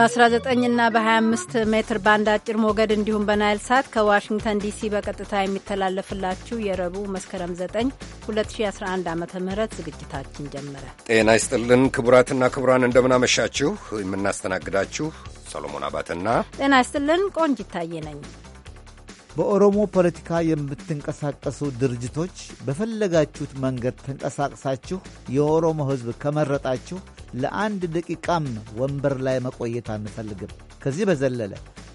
በ19 ና በ25 ሜትር ባንድ አጭር ሞገድ እንዲሁም በናይል ሳት ከዋሽንግተን ዲሲ በቀጥታ የሚተላለፍላችሁ የረቡዕ መስከረም 9 2011 ዓ ም ዝግጅታችን ጀመረ። ጤና ይስጥልን ክቡራትና ክቡራን፣ እንደምናመሻችሁ። የምናስተናግዳችሁ ሰሎሞን አባትና ጤና ይስጥልን ቆንጅ ይታየ ነኝ። በኦሮሞ ፖለቲካ የምትንቀሳቀሱ ድርጅቶች በፈለጋችሁት መንገድ ተንቀሳቅሳችሁ የኦሮሞ ሕዝብ ከመረጣችሁ ለአንድ ደቂቃም ወንበር ላይ መቆየት አንፈልግም። ከዚህ በዘለለ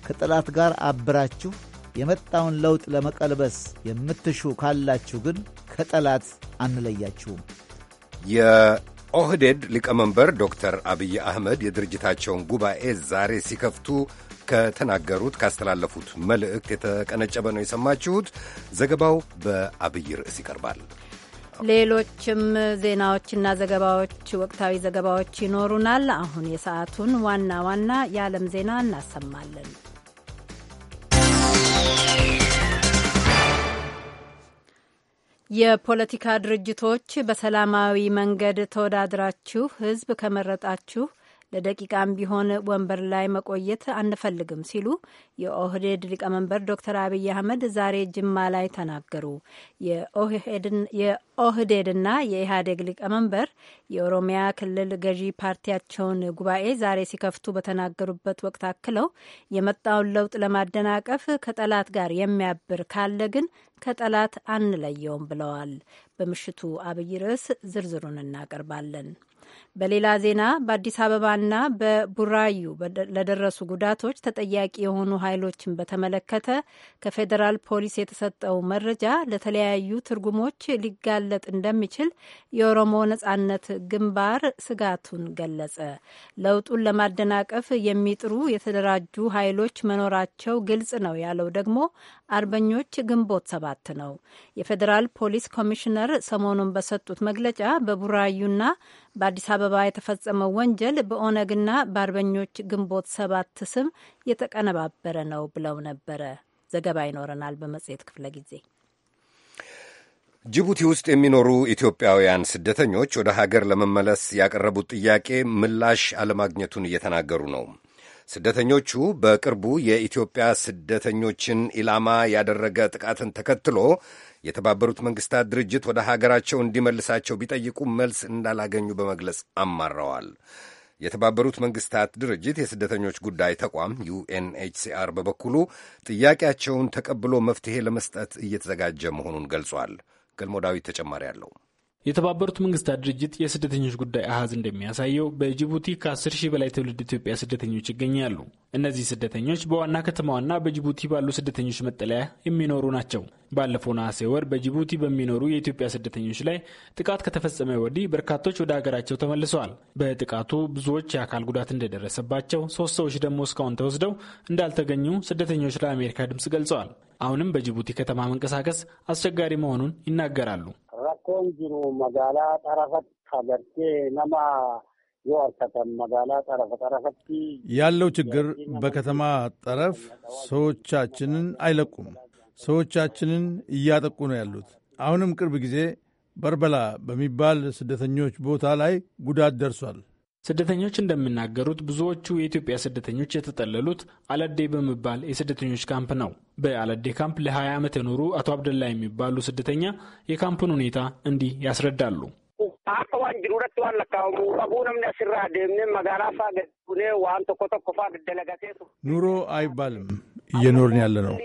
ከጠላት ጋር አብራችሁ የመጣውን ለውጥ ለመቀልበስ የምትሹ ካላችሁ ግን ከጠላት አንለያችሁም። የኦህዴድ ሊቀመንበር ዶክተር አብይ አህመድ የድርጅታቸውን ጉባኤ ዛሬ ሲከፍቱ ከተናገሩት ካስተላለፉት መልእክት የተቀነጨበ ነው የሰማችሁት። ዘገባው በአብይ ርዕስ ይቀርባል። ሌሎችም ዜናዎችና ዘገባዎች ወቅታዊ ዘገባዎች ይኖሩናል። አሁን የሰዓቱን ዋና ዋና የዓለም ዜና እናሰማለን። የፖለቲካ ድርጅቶች በሰላማዊ መንገድ ተወዳድራችሁ ሕዝብ ከመረጣችሁ ለደቂቃም ቢሆን ወንበር ላይ መቆየት አንፈልግም ሲሉ የኦህዴድ ሊቀመንበር ዶክተር አብይ አህመድ ዛሬ ጅማ ላይ ተናገሩ። የኦህዴድና የኢህአዴግ ሊቀመንበር የኦሮሚያ ክልል ገዢ ፓርቲያቸውን ጉባኤ ዛሬ ሲከፍቱ በተናገሩበት ወቅት አክለው የመጣውን ለውጥ ለማደናቀፍ ከጠላት ጋር የሚያብር ካለ ግን ከጠላት አንለየውም ብለዋል። በምሽቱ አብይ ርዕስ ዝርዝሩን እናቀርባለን። በሌላ ዜና በአዲስ አበባና በቡራዩ ለደረሱ ጉዳቶች ተጠያቂ የሆኑ ኃይሎችን በተመለከተ ከፌዴራል ፖሊስ የተሰጠው መረጃ ለተለያዩ ትርጉሞች ሊጋለጥ እንደሚችል የኦሮሞ ነጻነት ግንባር ስጋቱን ገለጸ። ለውጡን ለማደናቀፍ የሚጥሩ የተደራጁ ኃይሎች መኖራቸው ግልጽ ነው ያለው ደግሞ አርበኞች ግንቦት ሰባት ነው። የፌዴራል ፖሊስ ኮሚሽነር ሰሞኑን በሰጡት መግለጫ በቡራዩና በአዲስ አበባ አበባ የተፈጸመው ወንጀል በኦነግና በአርበኞች ግንቦት ሰባት ስም የተቀነባበረ ነው ብለው ነበረ። ዘገባ ይኖረናል በመጽሔት ክፍለ ጊዜ። ጅቡቲ ውስጥ የሚኖሩ ኢትዮጵያውያን ስደተኞች ወደ ሀገር ለመመለስ ያቀረቡት ጥያቄ ምላሽ አለማግኘቱን እየተናገሩ ነው። ስደተኞቹ በቅርቡ የኢትዮጵያ ስደተኞችን ኢላማ ያደረገ ጥቃትን ተከትሎ የተባበሩት መንግስታት ድርጅት ወደ ሀገራቸው እንዲመልሳቸው ቢጠይቁ መልስ እንዳላገኙ በመግለጽ አማረዋል። የተባበሩት መንግስታት ድርጅት የስደተኞች ጉዳይ ተቋም ዩኤንኤችሲአር በበኩሉ ጥያቄያቸውን ተቀብሎ መፍትሄ ለመስጠት እየተዘጋጀ መሆኑን ገልጿል። ገልሞ ዳዊት ተጨማሪ አለው። የተባበሩት መንግስታት ድርጅት የስደተኞች ጉዳይ አሃዝ እንደሚያሳየው በጅቡቲ ከ10 ሺህ በላይ ትውልድ ኢትዮጵያ ስደተኞች ይገኛሉ። እነዚህ ስደተኞች በዋና ከተማዋና በጅቡቲ ባሉ ስደተኞች መጠለያ የሚኖሩ ናቸው። ባለፈው ነሐሴ ወር በጅቡቲ በሚኖሩ የኢትዮጵያ ስደተኞች ላይ ጥቃት ከተፈጸመ ወዲህ በርካቶች ወደ ሀገራቸው ተመልሰዋል። በጥቃቱ ብዙዎች የአካል ጉዳት እንደደረሰባቸው፣ ሶስት ሰዎች ደግሞ እስካሁን ተወስደው እንዳልተገኙ ስደተኞች ለአሜሪካ ድምፅ ገልጸዋል። አሁንም በጅቡቲ ከተማ መንቀሳቀስ አስቸጋሪ መሆኑን ይናገራሉ። rakkoon jiru magaalaa xarafatti hagartee nama ያለው ችግር በከተማ ጠረፍ ሰዎቻችንን አይለቁም። ሰዎቻችንን እያጠቁ ነው ያሉት። አሁንም ቅርብ ጊዜ በርበላ በሚባል ስደተኞች ቦታ ላይ ጉዳት ደርሷል። ስደተኞች እንደሚናገሩት ብዙዎቹ የኢትዮጵያ ስደተኞች የተጠለሉት አለዴ በመባል የስደተኞች ካምፕ ነው። በአለዴ ካምፕ ለ20 ዓመት የኖሩ አቶ አብደላ የሚባሉ ስደተኛ የካምፑን ሁኔታ እንዲህ ያስረዳሉ። ኑሮ አይባልም እየኖርን ያለ ነው።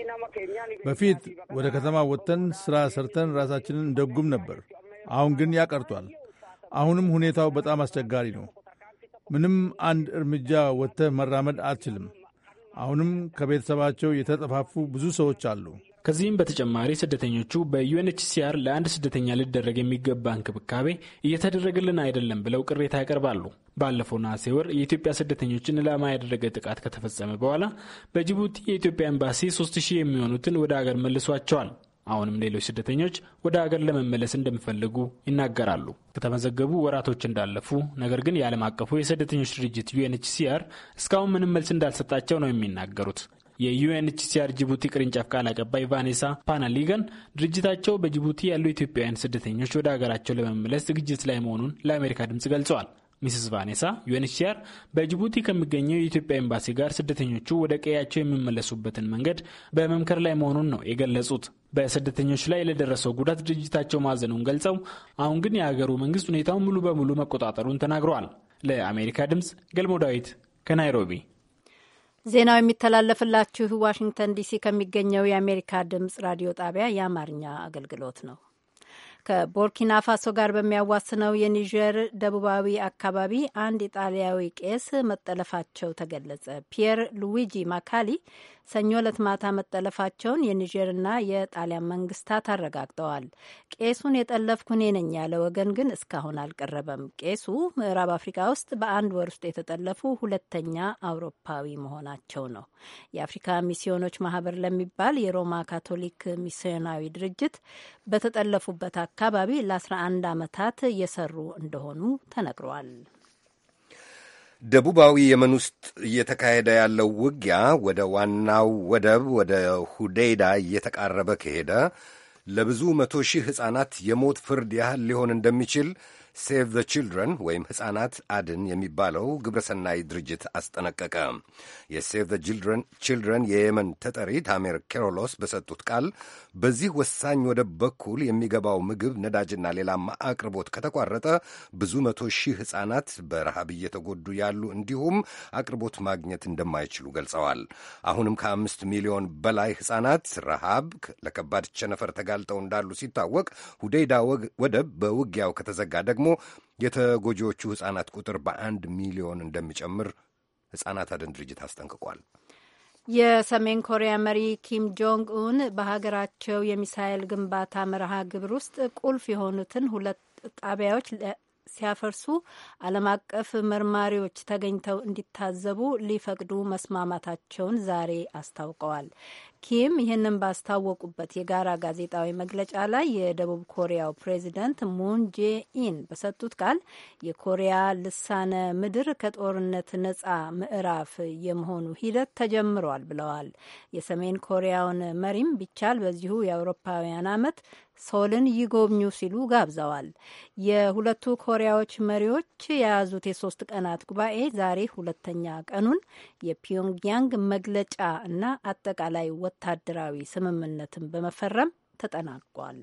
በፊት ወደ ከተማ ወጥተን ስራ ሰርተን ራሳችንን እንደጉም ነበር። አሁን ግን ያቀርቷል። አሁንም ሁኔታው በጣም አስቸጋሪ ነው። ምንም አንድ እርምጃ ወጥተህ መራመድ አትችልም። አሁንም ከቤተሰባቸው የተጠፋፉ ብዙ ሰዎች አሉ። ከዚህም በተጨማሪ ስደተኞቹ በዩኤንኤችሲአር ለአንድ ስደተኛ ሊደረግ የሚገባ እንክብካቤ እየተደረገልን አይደለም ብለው ቅሬታ ያቀርባሉ። ባለፈው ነሐሴ ወር የኢትዮጵያ ስደተኞችን ላማ ያደረገ ጥቃት ከተፈጸመ በኋላ በጅቡቲ የኢትዮጵያ ኤምባሲ ሶስት የሚሆኑትን ወደ አገር መልሷቸዋል። አሁንም ሌሎች ስደተኞች ወደ ሀገር ለመመለስ እንደሚፈልጉ ይናገራሉ። ከተመዘገቡ ወራቶች እንዳለፉ፣ ነገር ግን የዓለም አቀፉ የስደተኞች ድርጅት ዩኤንኤችሲአር እስካሁን ምንም መልስ እንዳልሰጣቸው ነው የሚናገሩት። የዩኤንኤችሲአር ጅቡቲ ቅርንጫፍ ቃል አቀባይ ቫኔሳ ፓናሊገን ድርጅታቸው በጅቡቲ ያሉ ኢትዮጵያውያን ስደተኞች ወደ ሀገራቸው ለመመለስ ዝግጅት ላይ መሆኑን ለአሜሪካ ድምጽ ገልጸዋል። ሚስስ ቫኔሳ ዩኤንኤችሲአር በጅቡቲ ከሚገኘው የኢትዮጵያ ኤምባሲ ጋር ስደተኞቹ ወደ ቀያቸው የሚመለሱበትን መንገድ በመምከር ላይ መሆኑን ነው የገለጹት። በስደተኞች ላይ ለደረሰው ጉዳት ድርጅታቸው ማዘኑን ገልጸው አሁን ግን የሀገሩ መንግስት ሁኔታውን ሙሉ በሙሉ መቆጣጠሩን ተናግረዋል። ለአሜሪካ ድምፅ ገልሞ ዳዊት ከናይሮቢ። ዜናው የሚተላለፍላችሁ ዋሽንግተን ዲሲ ከሚገኘው የአሜሪካ ድምፅ ራዲዮ ጣቢያ የአማርኛ አገልግሎት ነው። ከቦርኪና ፋሶ ጋር በሚያዋስነው የኒጀር ደቡባዊ አካባቢ አንድ ኢጣሊያዊ ቄስ መጠለፋቸው ተገለጸ። ፒየር ሉዊጂ ማካሊ ሰኞ ዕለት ማታ መጠለፋቸውን የኒጀርና የጣሊያን መንግስታት አረጋግጠዋል። ቄሱን የጠለፍኩ እኔ ነኝ ያለ ወገን ግን እስካሁን አልቀረበም። ቄሱ ምዕራብ አፍሪካ ውስጥ በአንድ ወር ውስጥ የተጠለፉ ሁለተኛ አውሮፓዊ መሆናቸው ነው። የአፍሪካ ሚስዮኖች ማህበር ለሚባል የሮማ ካቶሊክ ሚስዮናዊ ድርጅት በተጠለፉበት አካባቢ ለ11 ዓመታት የሰሩ እንደሆኑ ተነግረዋል። ደቡባዊ የመን ውስጥ እየተካሄደ ያለው ውጊያ ወደ ዋናው ወደብ ወደ ሁዴይዳ እየተቃረበ ከሄደ ለብዙ መቶ ሺህ ሕፃናት የሞት ፍርድ ያህል ሊሆን እንደሚችል ሴቭ ዘ ችልድረን ወይም ሕፃናት አድን የሚባለው ግብረሰናይ ድርጅት አስጠነቀቀ። የሴቭ ዘ ችልድረን የየመን ተጠሪ ታሜር ኬሮሎስ በሰጡት ቃል በዚህ ወሳኝ ወደብ በኩል የሚገባው ምግብ፣ ነዳጅና ሌላም አቅርቦት ከተቋረጠ ብዙ መቶ ሺህ ሕፃናት በረሃብ እየተጎዱ ያሉ እንዲሁም አቅርቦት ማግኘት እንደማይችሉ ገልጸዋል። አሁንም ከአምስት ሚሊዮን በላይ ሕፃናት ረሃብ ለከባድ ቸነፈር ተጋልጠው እንዳሉ ሲታወቅ ሁዴይዳ ወደብ በውጊያው ከተዘጋ ደግሞ ደግሞ የተጎጂዎቹ ሕጻናት ቁጥር በአንድ ሚሊዮን እንደሚጨምር ሕጻናት አድን ድርጅት አስጠንቅቋል። የሰሜን ኮሪያ መሪ ኪም ጆንግ ኡን በሀገራቸው የሚሳኤል ግንባታ መርሃ ግብር ውስጥ ቁልፍ የሆኑትን ሁለት ጣቢያዎች ሲያፈርሱ ዓለም አቀፍ መርማሪዎች ተገኝተው እንዲታዘቡ ሊፈቅዱ መስማማታቸውን ዛሬ አስታውቀዋል። ኪም ይህንን ባስታወቁበት የጋራ ጋዜጣዊ መግለጫ ላይ የደቡብ ኮሪያው ፕሬዚደንት ሙን ጄኢን በሰጡት ቃል የኮሪያ ልሳነ ምድር ከጦርነት ነጻ ምዕራፍ የመሆኑ ሂደት ተጀምሯል ብለዋል። የሰሜን ኮሪያውን መሪም ቢቻል በዚሁ የአውሮፓውያን ዓመት ሶልን ይጎብኙ ሲሉ ጋብዘዋል። የሁለቱ ኮሪያዎች መሪዎች የያዙት የሶስት ቀናት ጉባኤ ዛሬ ሁለተኛ ቀኑን የፒዮንግያንግ መግለጫ እና አጠቃላይ ወታደራዊ ስምምነትን በመፈረም ተጠናቋል።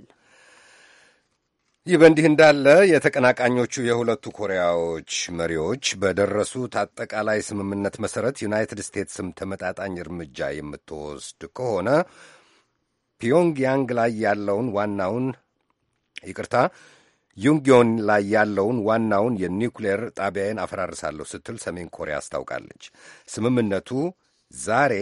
ይህ በእንዲህ እንዳለ የተቀናቃኞቹ የሁለቱ ኮሪያዎች መሪዎች በደረሱት አጠቃላይ ስምምነት መሰረት ዩናይትድ ስቴትስም ተመጣጣኝ እርምጃ የምትወስድ ከሆነ ፒዮንግያንግ ላይ ያለውን ዋናውን ይቅርታ ዩንግዮን ላይ ያለውን ዋናውን የኒውክሌር ጣቢያዬን አፈራርሳለሁ ስትል ሰሜን ኮሪያ አስታውቃለች። ስምምነቱ ዛሬ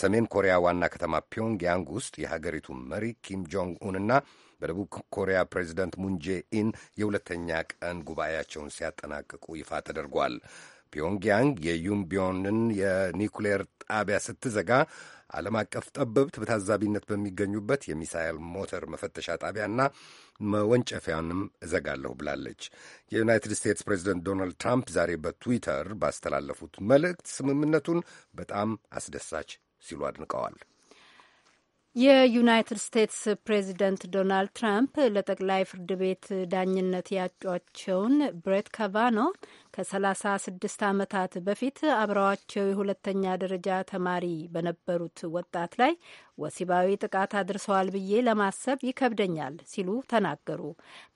ሰሜን ኮሪያ ዋና ከተማ ፒዮንግያንግ ውስጥ የሀገሪቱ መሪ ኪም ጆንግ ኡንና በደቡብ ኮሪያ ፕሬዚደንት ሙንጄ ኢን የሁለተኛ ቀን ጉባኤያቸውን ሲያጠናቅቁ ይፋ ተደርጓል። ፒዮንግያንግ የዩምቢዮንን የኒኩሌር ጣቢያ ስትዘጋ ዓለም አቀፍ ጠበብት በታዛቢነት በሚገኙበት የሚሳኤል ሞተር መፈተሻ ጣቢያና መወንጨፊያንም እዘጋለሁ ብላለች። የዩናይትድ ስቴትስ ፕሬዚደንት ዶናልድ ትራምፕ ዛሬ በትዊተር ባስተላለፉት መልእክት ስምምነቱን በጣም አስደሳች ሲሉ አድንቀዋል። የዩናይትድ ስቴትስ ፕሬዚደንት ዶናልድ ትራምፕ ለጠቅላይ ፍርድ ቤት ዳኝነት ያጯቸውን ብሬት ካቫኖ ከሰላሳ ስድስት ዓመታት በፊት አብረዋቸው የሁለተኛ ደረጃ ተማሪ በነበሩት ወጣት ላይ ወሲባዊ ጥቃት አድርሰዋል ብዬ ለማሰብ ይከብደኛል ሲሉ ተናገሩ።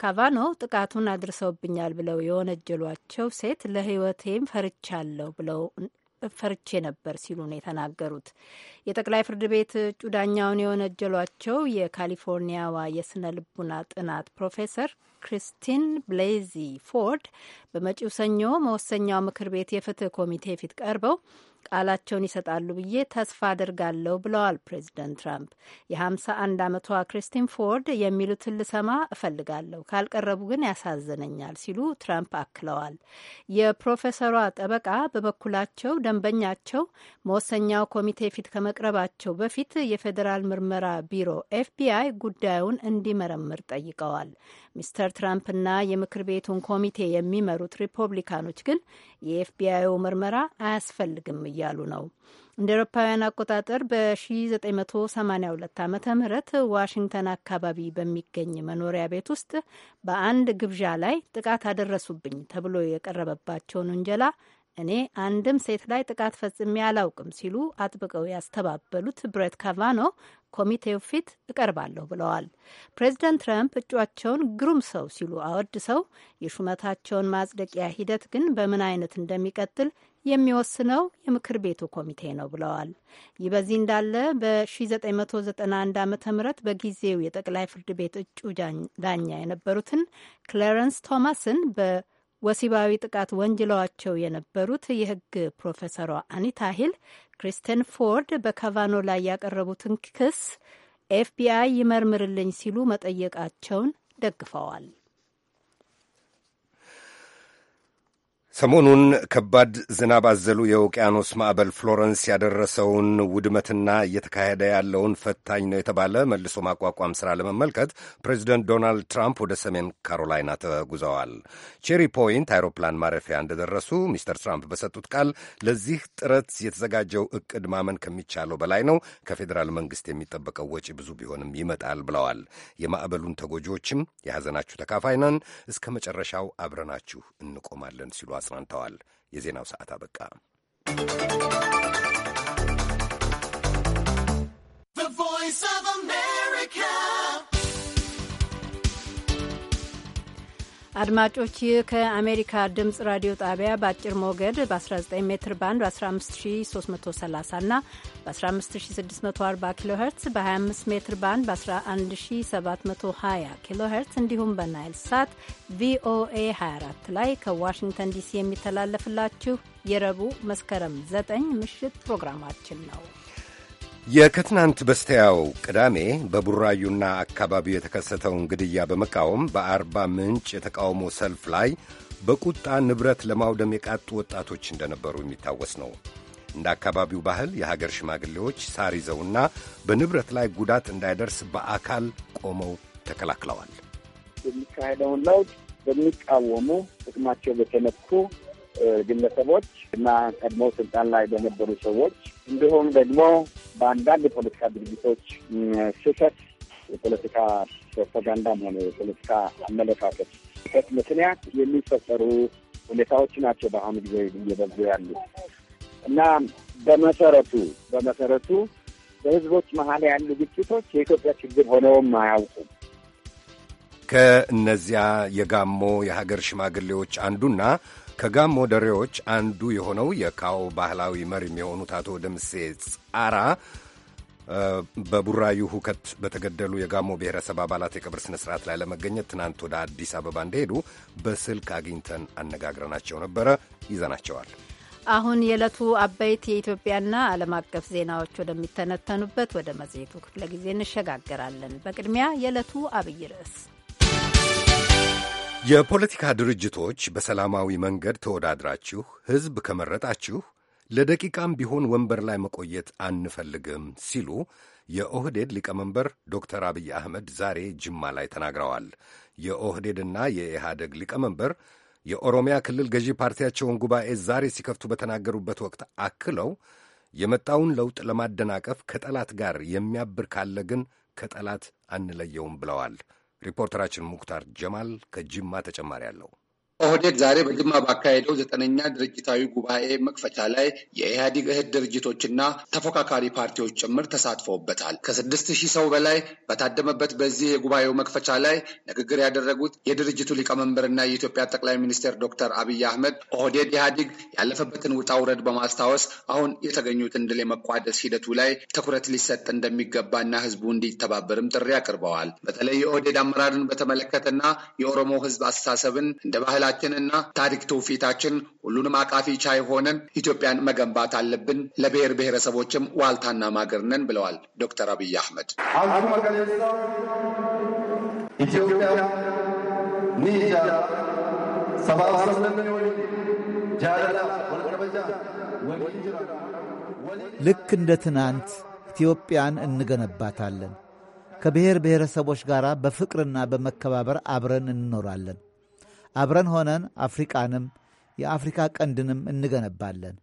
ካቫኖ ጥቃቱን አድርሰውብኛል ብለው የወነጀሏቸው ሴት ለሕይወቴም ፈርቻለሁ ብለው ፈርቼ ነበር ሲሉ ነው የተናገሩት። የጠቅላይ ፍርድ ቤት እጩ ዳኛውን የወነጀሏቸው የካሊፎርኒያዋ የስነ ልቡና ጥናት ፕሮፌሰር ክሪስቲን ብሌዚ ፎርድ በመጪው ሰኞ መወሰኛው ምክር ቤት የፍትህ ኮሚቴ ፊት ቀርበው ቃላቸውን ይሰጣሉ ብዬ ተስፋ አድርጋለሁ ብለዋል ፕሬዚደንት ትራምፕ። የ51 ዓመቷ ክሪስቲን ፎርድ የሚሉትን ልሰማ እፈልጋለሁ፣ ካልቀረቡ ግን ያሳዝነኛል ሲሉ ትራምፕ አክለዋል። የፕሮፌሰሯ ጠበቃ በበኩላቸው ደንበኛቸው መወሰኛው ኮሚቴ ፊት ከመቅረባቸው በፊት የፌዴራል ምርመራ ቢሮ ኤፍቢአይ ጉዳዩን እንዲመረምር ጠይቀዋል። ሚስተር ሚስተር ትራምፕና የምክር ቤቱን ኮሚቴ የሚመሩት ሪፐብሊካኖች ግን የኤፍቢአይው ምርመራ አያስፈልግም እያሉ ነው። እንደ አውሮፓውያን አቆጣጠር በ1982 ዓ ም ዋሽንግተን አካባቢ በሚገኝ መኖሪያ ቤት ውስጥ በአንድ ግብዣ ላይ ጥቃት አደረሱብኝ ተብሎ የቀረበባቸውን ውንጀላ እኔ አንድም ሴት ላይ ጥቃት ፈጽሜ አላውቅም ሲሉ አጥብቀው ያስተባበሉት ብሬት ካቫኖ ኮሚቴው ፊት እቀርባለሁ ብለዋል። ፕሬዚዳንት ትራምፕ እጩቸውን ግሩም ሰው ሲሉ አወድሰው የሹመታቸውን ማጽደቂያ ሂደት ግን በምን አይነት እንደሚቀጥል የሚወስነው የምክር ቤቱ ኮሚቴ ነው ብለዋል። ይህ በዚህ እንዳለ በ1991 ዓ ም በጊዜው የጠቅላይ ፍርድ ቤት እጩ ዳኛ የነበሩትን ክለረንስ ቶማስን በወሲባዊ ጥቃት ወንጅለዋቸው የነበሩት የህግ ፕሮፌሰሯ አኒታ ሂል ክሪስቲን ፎርድ በካቫኖ ላይ ያቀረቡትን ክስ ኤፍቢአይ ይመርምርልኝ ሲሉ መጠየቃቸውን ደግፈዋል። ሰሞኑን ከባድ ዝናብ አዘሉ የውቅያኖስ ማዕበል ፍሎረንስ ያደረሰውን ውድመትና እየተካሄደ ያለውን ፈታኝ ነው የተባለ መልሶ ማቋቋም ሥራ ለመመልከት ፕሬዚደንት ዶናልድ ትራምፕ ወደ ሰሜን ካሮላይና ተጉዘዋል። ቼሪ ፖይንት አይሮፕላን ማረፊያ እንደደረሱ ሚስተር ትራምፕ በሰጡት ቃል ለዚህ ጥረት የተዘጋጀው እቅድ ማመን ከሚቻለው በላይ ነው፣ ከፌዴራል መንግሥት የሚጠበቀው ወጪ ብዙ ቢሆንም ይመጣል ብለዋል። የማዕበሉን ተጎጂዎችም የሐዘናችሁ ተካፋይ ነን፣ እስከ መጨረሻው አብረናችሁ እንቆማለን ሲሉ ተጽናንተዋል። የዜናው ሰዓት አበቃ። አድማጮች ይህ ከአሜሪካ ድምፅ ራዲዮ ጣቢያ በአጭር ሞገድ በ19 ሜትር ባንድ በ15330 እና በ15640 ኪሎ ሄርትስ በ25 ሜትር ባንድ በ11720 ኪሎ ሄርትስ እንዲሁም በናይል ሳት ቪኦኤ 24 ላይ ከዋሽንግተን ዲሲ የሚተላለፍላችሁ የረቡዕ መስከረም 9 ምሽት ፕሮግራማችን ነው። የከትናንት በስቲያው ቅዳሜ በቡራዩና አካባቢው የተከሰተውን ግድያ በመቃወም በአርባ ምንጭ የተቃውሞ ሰልፍ ላይ በቁጣ ንብረት ለማውደም የቃጡ ወጣቶች እንደነበሩ የሚታወስ ነው። እንደ አካባቢው ባህል የሀገር ሽማግሌዎች ሳር ይዘውና በንብረት ላይ ጉዳት እንዳይደርስ በአካል ቆመው ተከላክለዋል። የሚካሄደውን ለውጥ በሚቃወሙ ጥቅማቸው በተነኩ ግለሰቦች እና ቀድሞ ስልጣን ላይ በነበሩ ሰዎች እንዲሁም ደግሞ በአንዳንድ የፖለቲካ ድርጅቶች ስህተት የፖለቲካ ፕሮፓጋንዳም ሆነ የፖለቲካ አመለካከት ስህተት ምክንያት የሚፈጠሩ ሁኔታዎች ናቸው በአሁኑ ጊዜ እየበዙ ያሉ እና በመሰረቱ በመሰረቱ በህዝቦች መሀል ያሉ ግጭቶች የኢትዮጵያ ችግር ሆነውም አያውቁም። ከእነዚያ የጋሞ የሀገር ሽማግሌዎች አንዱና ከጋሞ ደሬዎች አንዱ የሆነው የካኦ ባህላዊ መሪም የሆኑት አቶ ደምሴ ጻራ በቡራዩ ሁከት በተገደሉ የጋሞ ብሔረሰብ አባላት የቀብር ስነ ስርዓት ላይ ለመገኘት ትናንት ወደ አዲስ አበባ እንደሄዱ በስልክ አግኝተን አነጋግረናቸው ነበረ። ይዘናቸዋል። አሁን የዕለቱ አበይት የኢትዮጵያና ዓለም አቀፍ ዜናዎች ወደሚተነተኑበት ወደ መጽሔቱ ክፍለ ጊዜ እንሸጋገራለን። በቅድሚያ የዕለቱ አብይ ርዕስ የፖለቲካ ድርጅቶች በሰላማዊ መንገድ ተወዳድራችሁ ሕዝብ ከመረጣችሁ ለደቂቃም ቢሆን ወንበር ላይ መቆየት አንፈልግም ሲሉ የኦህዴድ ሊቀመንበር ዶክተር አብይ አህመድ ዛሬ ጅማ ላይ ተናግረዋል። የኦህዴድና የኢህአደግ ሊቀመንበር የኦሮሚያ ክልል ገዢ ፓርቲያቸውን ጉባኤ ዛሬ ሲከፍቱ በተናገሩበት ወቅት አክለው የመጣውን ለውጥ ለማደናቀፍ ከጠላት ጋር የሚያብር ካለ ግን ከጠላት አንለየውም ብለዋል። ሪፖርተራችን ሙክታር ጀማል ከጅማ ተጨማሪ አለው። ኦህዴድ ዛሬ በጅማ ባካሄደው ዘጠነኛ ድርጅታዊ ጉባኤ መክፈቻ ላይ የኢህአዴግ እህት ድርጅቶችና ተፎካካሪ ፓርቲዎች ጭምር ተሳትፈውበታል። ከስድስት ሺህ ሰው በላይ በታደመበት በዚህ የጉባኤው መክፈቻ ላይ ንግግር ያደረጉት የድርጅቱ ሊቀመንበርና የኢትዮጵያ ጠቅላይ ሚኒስትር ዶክተር አብይ አህመድ ኦህዴድ ኢህአዴግ ያለፈበትን ውጣ ውረድ በማስታወስ አሁን የተገኙትን ድል የመቋደስ ሂደቱ ላይ ትኩረት ሊሰጥ እንደሚገባና ህዝቡ እንዲተባበርም ጥሪ አቅርበዋል። በተለይ የኦህዴድ አመራርን በተመለከተና የኦሮሞ ህዝብ አስተሳሰብን እንደ ባህል ባህላችንና ታሪክ ትውፊታችን ሁሉንም አቃፊ ቻይ ሆነን ኢትዮጵያን መገንባት አለብን። ለብሔር ብሔረሰቦችም ዋልታና ማገር ነን ብለዋል ዶክተር አብይ አህመድ። ልክ እንደ ትናንት ኢትዮጵያን እንገነባታለን። ከብሔር ብሔረሰቦች ጋር በፍቅርና በመከባበር አብረን እንኖራለን። አብረን ሆነን አፍሪቃንም የአፍሪካ ቀንድንም እንገነባለን።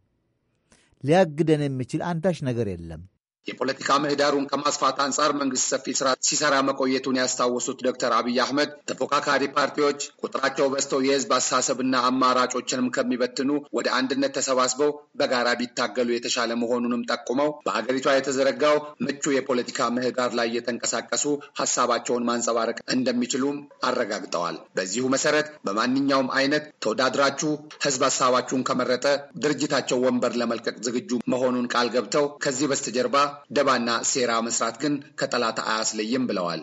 ሊያግደን የሚችል አንዳች ነገር የለም። የፖለቲካ ምህዳሩን ከማስፋት አንጻር መንግስት ሰፊ ስራ ሲሰራ መቆየቱን ያስታወሱት ዶክተር አብይ አህመድ ተፎካካሪ ፓርቲዎች ቁጥራቸው በዝተው የህዝብ አስተሳሰብና አማራጮችንም ከሚበትኑ ወደ አንድነት ተሰባስበው በጋራ ቢታገሉ የተሻለ መሆኑንም ጠቁመው በሀገሪቷ የተዘረጋው ምቹ የፖለቲካ ምህዳር ላይ እየተንቀሳቀሱ ሀሳባቸውን ማንጸባረቅ እንደሚችሉም አረጋግጠዋል። በዚሁ መሰረት በማንኛውም አይነት ተወዳድራችሁ ህዝብ ሀሳባችሁን ከመረጠ ድርጅታቸው ወንበር ለመልቀቅ ዝግጁ መሆኑን ቃል ገብተው ከዚህ በስተጀርባ ደባና ሴራ መስራት ግን ከጠላት አያስለይም ብለዋል።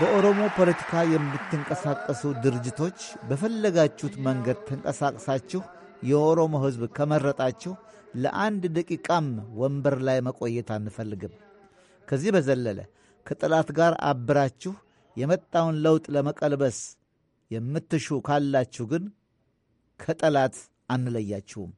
በኦሮሞ ፖለቲካ የምትንቀሳቀሱ ድርጅቶች በፈለጋችሁት መንገድ ተንቀሳቅሳችሁ የኦሮሞ ሕዝብ ከመረጣችሁ ለአንድ ደቂቃም ወንበር ላይ መቆየት አንፈልግም። ከዚህ በዘለለ ከጠላት ጋር አብራችሁ የመጣውን ለውጥ ለመቀልበስ የምትሹ ካላችሁ ግን ከጠላት አንለያችሁም።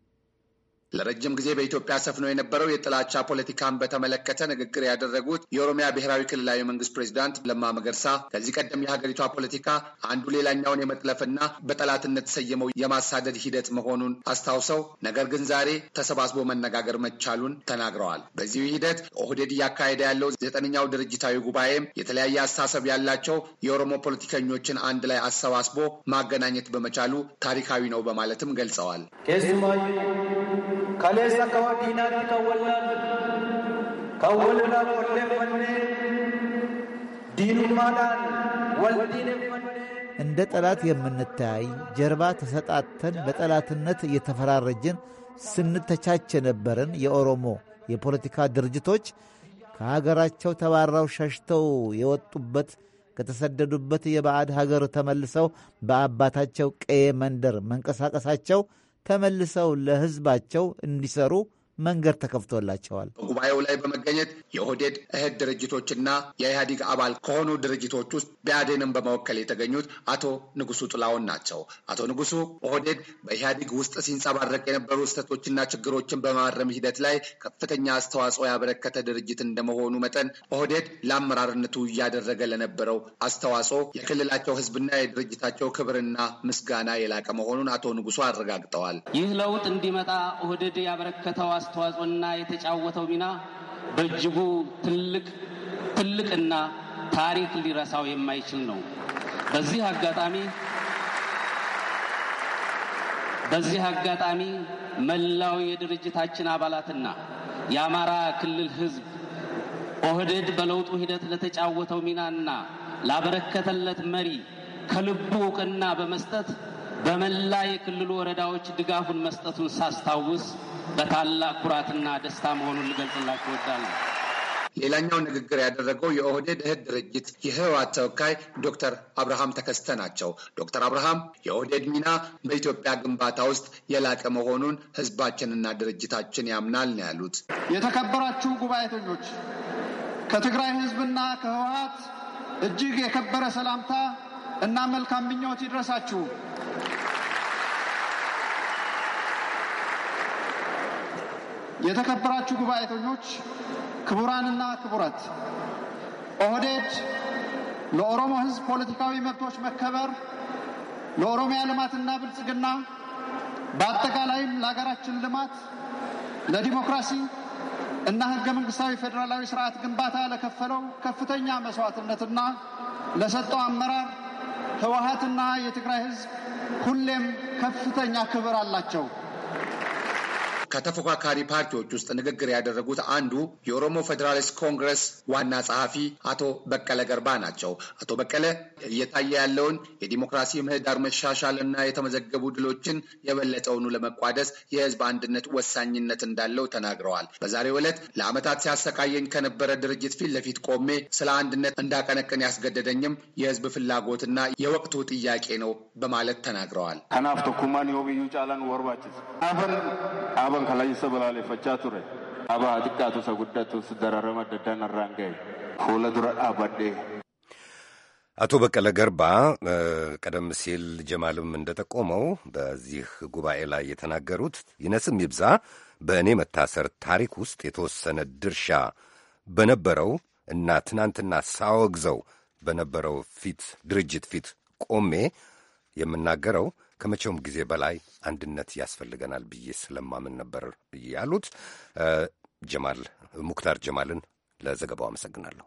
ለረጅም ጊዜ በኢትዮጵያ ሰፍኖ የነበረው የጥላቻ ፖለቲካን በተመለከተ ንግግር ያደረጉት የኦሮሚያ ብሔራዊ ክልላዊ መንግስት ፕሬዚዳንት ለማ መገርሳ ከዚህ ቀደም የሀገሪቷ ፖለቲካ አንዱ ሌላኛውን የመጥለፍና በጠላትነት ተሰየመው የማሳደድ ሂደት መሆኑን አስታውሰው ነገር ግን ዛሬ ተሰባስቦ መነጋገር መቻሉን ተናግረዋል። በዚሁ ሂደት ኦህዴድ እያካሄደ ያለው ዘጠነኛው ድርጅታዊ ጉባኤም የተለያየ አስተሳሰብ ያላቸው የኦሮሞ ፖለቲከኞችን አንድ ላይ አሰባስቦ ማገናኘት በመቻሉ ታሪካዊ ነው በማለትም ገልጸዋል። kaleessa akka wadiinaatti kawwallaan kawwalula qolleeffannee ዲኑማዳን ወልዲን እንደ ጠላት የምንታይ ጀርባ ተሰጣተን በጠላትነት እየተፈራረጅን ስንተቻች የነበርን የኦሮሞ የፖለቲካ ድርጅቶች ከሀገራቸው ተባራው ሸሽተው የወጡበት ከተሰደዱበት የባዕድ ሀገር ተመልሰው በአባታቸው ቀዬ መንደር መንቀሳቀሳቸው ተመልሰው ለህዝባቸው እንዲሰሩ መንገድ ተከፍቶላቸዋል። በጉባኤው ላይ በመገኘት የኦህዴድ እህት ድርጅቶችና የኢህአዴግ አባል ከሆኑ ድርጅቶች ውስጥ ብአዴንን በመወከል የተገኙት አቶ ንጉሱ ጥላውን ናቸው። አቶ ንጉሱ ኦህዴድ በኢህአዴግ ውስጥ ሲንጸባረቅ የነበሩ ስህተቶችና ችግሮችን በማረም ሂደት ላይ ከፍተኛ አስተዋጽኦ ያበረከተ ድርጅት እንደመሆኑ መጠን ኦህዴድ ለአመራርነቱ እያደረገ ለነበረው አስተዋጽኦ የክልላቸው ህዝብና የድርጅታቸው ክብርና ምስጋና የላቀ መሆኑን አቶ ንጉሱ አረጋግጠዋል። ይህ ለውጥ እንዲመጣ ኦህዴድ ያበረከተው አስተዋጽኦና የተጫወተው ሚና በእጅጉ ትልቅ ትልቅና ታሪክ ሊረሳው የማይችል ነው። በዚህ አጋጣሚ በዚህ አጋጣሚ መላው የድርጅታችን አባላትና የአማራ ክልል ሕዝብ ኦህዴድ በለውጡ ሂደት ለተጫወተው ሚናና ላበረከተለት መሪ ከልቡ እውቅና በመስጠት በመላ የክልሉ ወረዳዎች ድጋፉን መስጠቱን ሳስታውስ በታላቅ ኩራትና ደስታ መሆኑን ልገልጽላችሁ እወዳለሁ። ሌላኛው ንግግር ያደረገው የኦህዴድ እህት ድርጅት የህወሓት ተወካይ ዶክተር አብርሃም ተከስተ ናቸው። ዶክተር አብርሃም የኦህዴድ ሚና በኢትዮጵያ ግንባታ ውስጥ የላቀ መሆኑን ህዝባችንና ድርጅታችን ያምናል ነው ያሉት። የተከበራችሁ ጉባኤተኞች፣ ከትግራይ ህዝብና ከህወሓት እጅግ የከበረ ሰላምታ እና መልካም ምኞት ይድረሳችሁ። የተከበራችሁ ጉባኤተኞች፣ ክቡራንና ክቡራት ኦህዴድ ለኦሮሞ ሕዝብ ፖለቲካዊ መብቶች መከበር፣ ለኦሮሚያ ልማትና ብልጽግና፣ በአጠቃላይም ለሀገራችን ልማት፣ ለዲሞክራሲ እና ህገ መንግስታዊ ፌዴራላዊ ስርዓት ግንባታ ለከፈለው ከፍተኛ መስዋዕትነትና ለሰጠው አመራር ህወሀትና የትግራይ ህዝብ ሁሌም ከፍተኛ ክብር አላቸው። ከተፎካካሪ ፓርቲዎች ውስጥ ንግግር ያደረጉት አንዱ የኦሮሞ ፌዴራሊስት ኮንግረስ ዋና ጸሐፊ አቶ በቀለ ገርባ ናቸው። አቶ በቀለ እየታየ ያለውን የዲሞክራሲ ምህዳር መሻሻል እና የተመዘገቡ ድሎችን የበለጠውኑ ለመቋደስ የህዝብ አንድነት ወሳኝነት እንዳለው ተናግረዋል። በዛሬው ዕለት ለዓመታት ሲያሰቃየኝ ከነበረ ድርጅት ፊት ለፊት ቆሜ ስለ አንድነት እንዳቀነቅን ያስገደደኝም የህዝብ ፍላጎትና የወቅቱ ጥያቄ ነው በማለት ተናግረዋል። ከናፍ ቶኩማን ጫላን ወርባችስ Sabban kallayyiisa balaaleffachaa ture. Abaa xiqqaatu isa guddatu dararama daddaan irraan ga'e. Fuula dura dhaabadhee. አቶ በቀለ ገርባ ቀደም ሲል ጀማልም እንደጠቆመው በዚህ ጉባኤ ላይ የተናገሩት ይነስም ይብዛ በእኔ መታሰር ታሪክ ውስጥ የተወሰነ ድርሻ በነበረው እና ትናንትና ሳወግዘው በነበረው ፊት ድርጅት ፊት ቆሜ የምናገረው ከመቼውም ጊዜ በላይ አንድነት ያስፈልገናል ብዬ ስለማምን ነበር ያሉት። ጀማል ሙክታር ጀማልን ለዘገባው አመሰግናለሁ።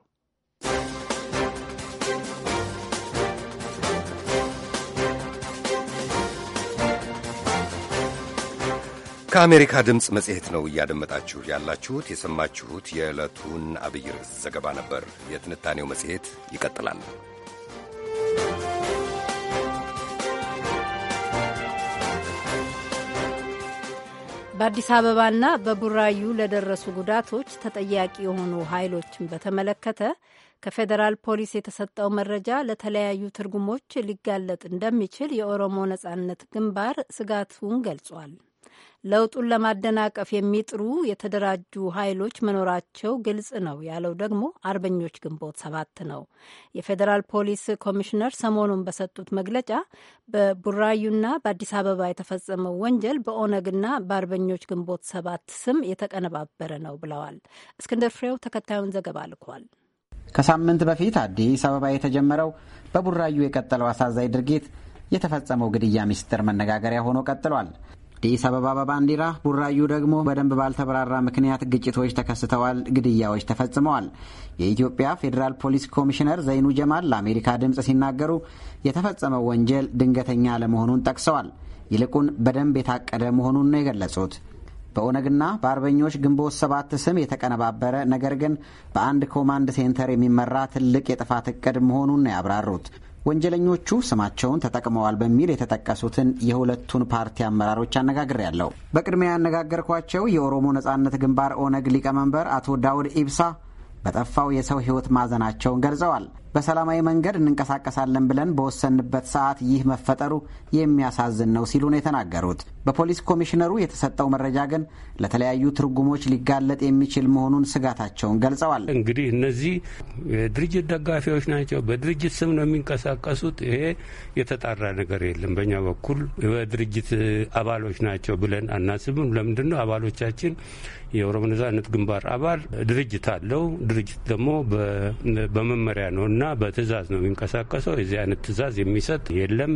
ከአሜሪካ ድምፅ መጽሔት ነው እያደመጣችሁ ያላችሁት። የሰማችሁት የዕለቱን አብይ ርዕስ ዘገባ ነበር። የትንታኔው መጽሔት ይቀጥላል። በአዲስ አበባና በቡራዩ ለደረሱ ጉዳቶች ተጠያቂ የሆኑ ኃይሎችን በተመለከተ ከፌዴራል ፖሊስ የተሰጠው መረጃ ለተለያዩ ትርጉሞች ሊጋለጥ እንደሚችል የኦሮሞ ነጻነት ግንባር ስጋቱን ገልጿል። ለውጡን ለማደናቀፍ የሚጥሩ የተደራጁ ኃይሎች መኖራቸው ግልጽ ነው ያለው ደግሞ አርበኞች ግንቦት ሰባት ነው። የፌዴራል ፖሊስ ኮሚሽነር ሰሞኑን በሰጡት መግለጫ በቡራዩና በአዲስ አበባ የተፈጸመው ወንጀል በኦነግና በአርበኞች ግንቦት ሰባት ስም የተቀነባበረ ነው ብለዋል። እስክንድር ፍሬው ተከታዩን ዘገባ ልኳል። ከሳምንት በፊት አዲስ አበባ የተጀመረው በቡራዩ የቀጠለው አሳዛኝ ድርጊት የተፈጸመው ግድያ ሚስጥር መነጋገሪያ ሆኖ ቀጥሏል። የአዲስ አበባ ባንዲራ፣ ቡራዩ ደግሞ በደንብ ባልተብራራ ምክንያት ግጭቶች ተከስተዋል፣ ግድያዎች ተፈጽመዋል። የኢትዮጵያ ፌዴራል ፖሊስ ኮሚሽነር ዘይኑ ጀማል ለአሜሪካ ድምፅ ሲናገሩ የተፈጸመው ወንጀል ድንገተኛ ለመሆኑን ጠቅሰዋል። ይልቁን በደንብ የታቀደ መሆኑን ነው የገለጹት። በኦነግና በአርበኞች ግንቦት ሰባት ስም የተቀነባበረ ነገር ግን በአንድ ኮማንድ ሴንተር የሚመራ ትልቅ የጥፋት እቅድ መሆኑን ነው ያብራሩት። ወንጀለኞቹ ስማቸውን ተጠቅመዋል በሚል የተጠቀሱትን የሁለቱን ፓርቲ አመራሮች አነጋግሬያለሁ። በቅድሚያ ያነጋገርኳቸው የኦሮሞ ነጻነት ግንባር ኦነግ ሊቀመንበር አቶ ዳውድ ኢብሳ በጠፋው የሰው ሕይወት ማዘናቸውን ገልጸዋል። በሰላማዊ መንገድ እንንቀሳቀሳለን ብለን በወሰንበት ሰዓት ይህ መፈጠሩ የሚያሳዝን ነው ሲሉ ነው የተናገሩት። በፖሊስ ኮሚሽነሩ የተሰጠው መረጃ ግን ለተለያዩ ትርጉሞች ሊጋለጥ የሚችል መሆኑን ስጋታቸውን ገልጸዋል። እንግዲህ እነዚህ የድርጅት ደጋፊዎች ናቸው፣ በድርጅት ስም ነው የሚንቀሳቀሱት። ይሄ የተጣራ ነገር የለም። በእኛ በኩል በድርጅት አባሎች ናቸው ብለን አናስብም። ለምንድን ነው አባሎቻችን የኦሮሞ ነጻነት ግንባር አባል ድርጅት አለው። ድርጅት ደግሞ በመመሪያ ነው እና በትእዛዝ ነው የሚንቀሳቀሰው። የዚህ አይነት ትእዛዝ የሚሰጥ የለም።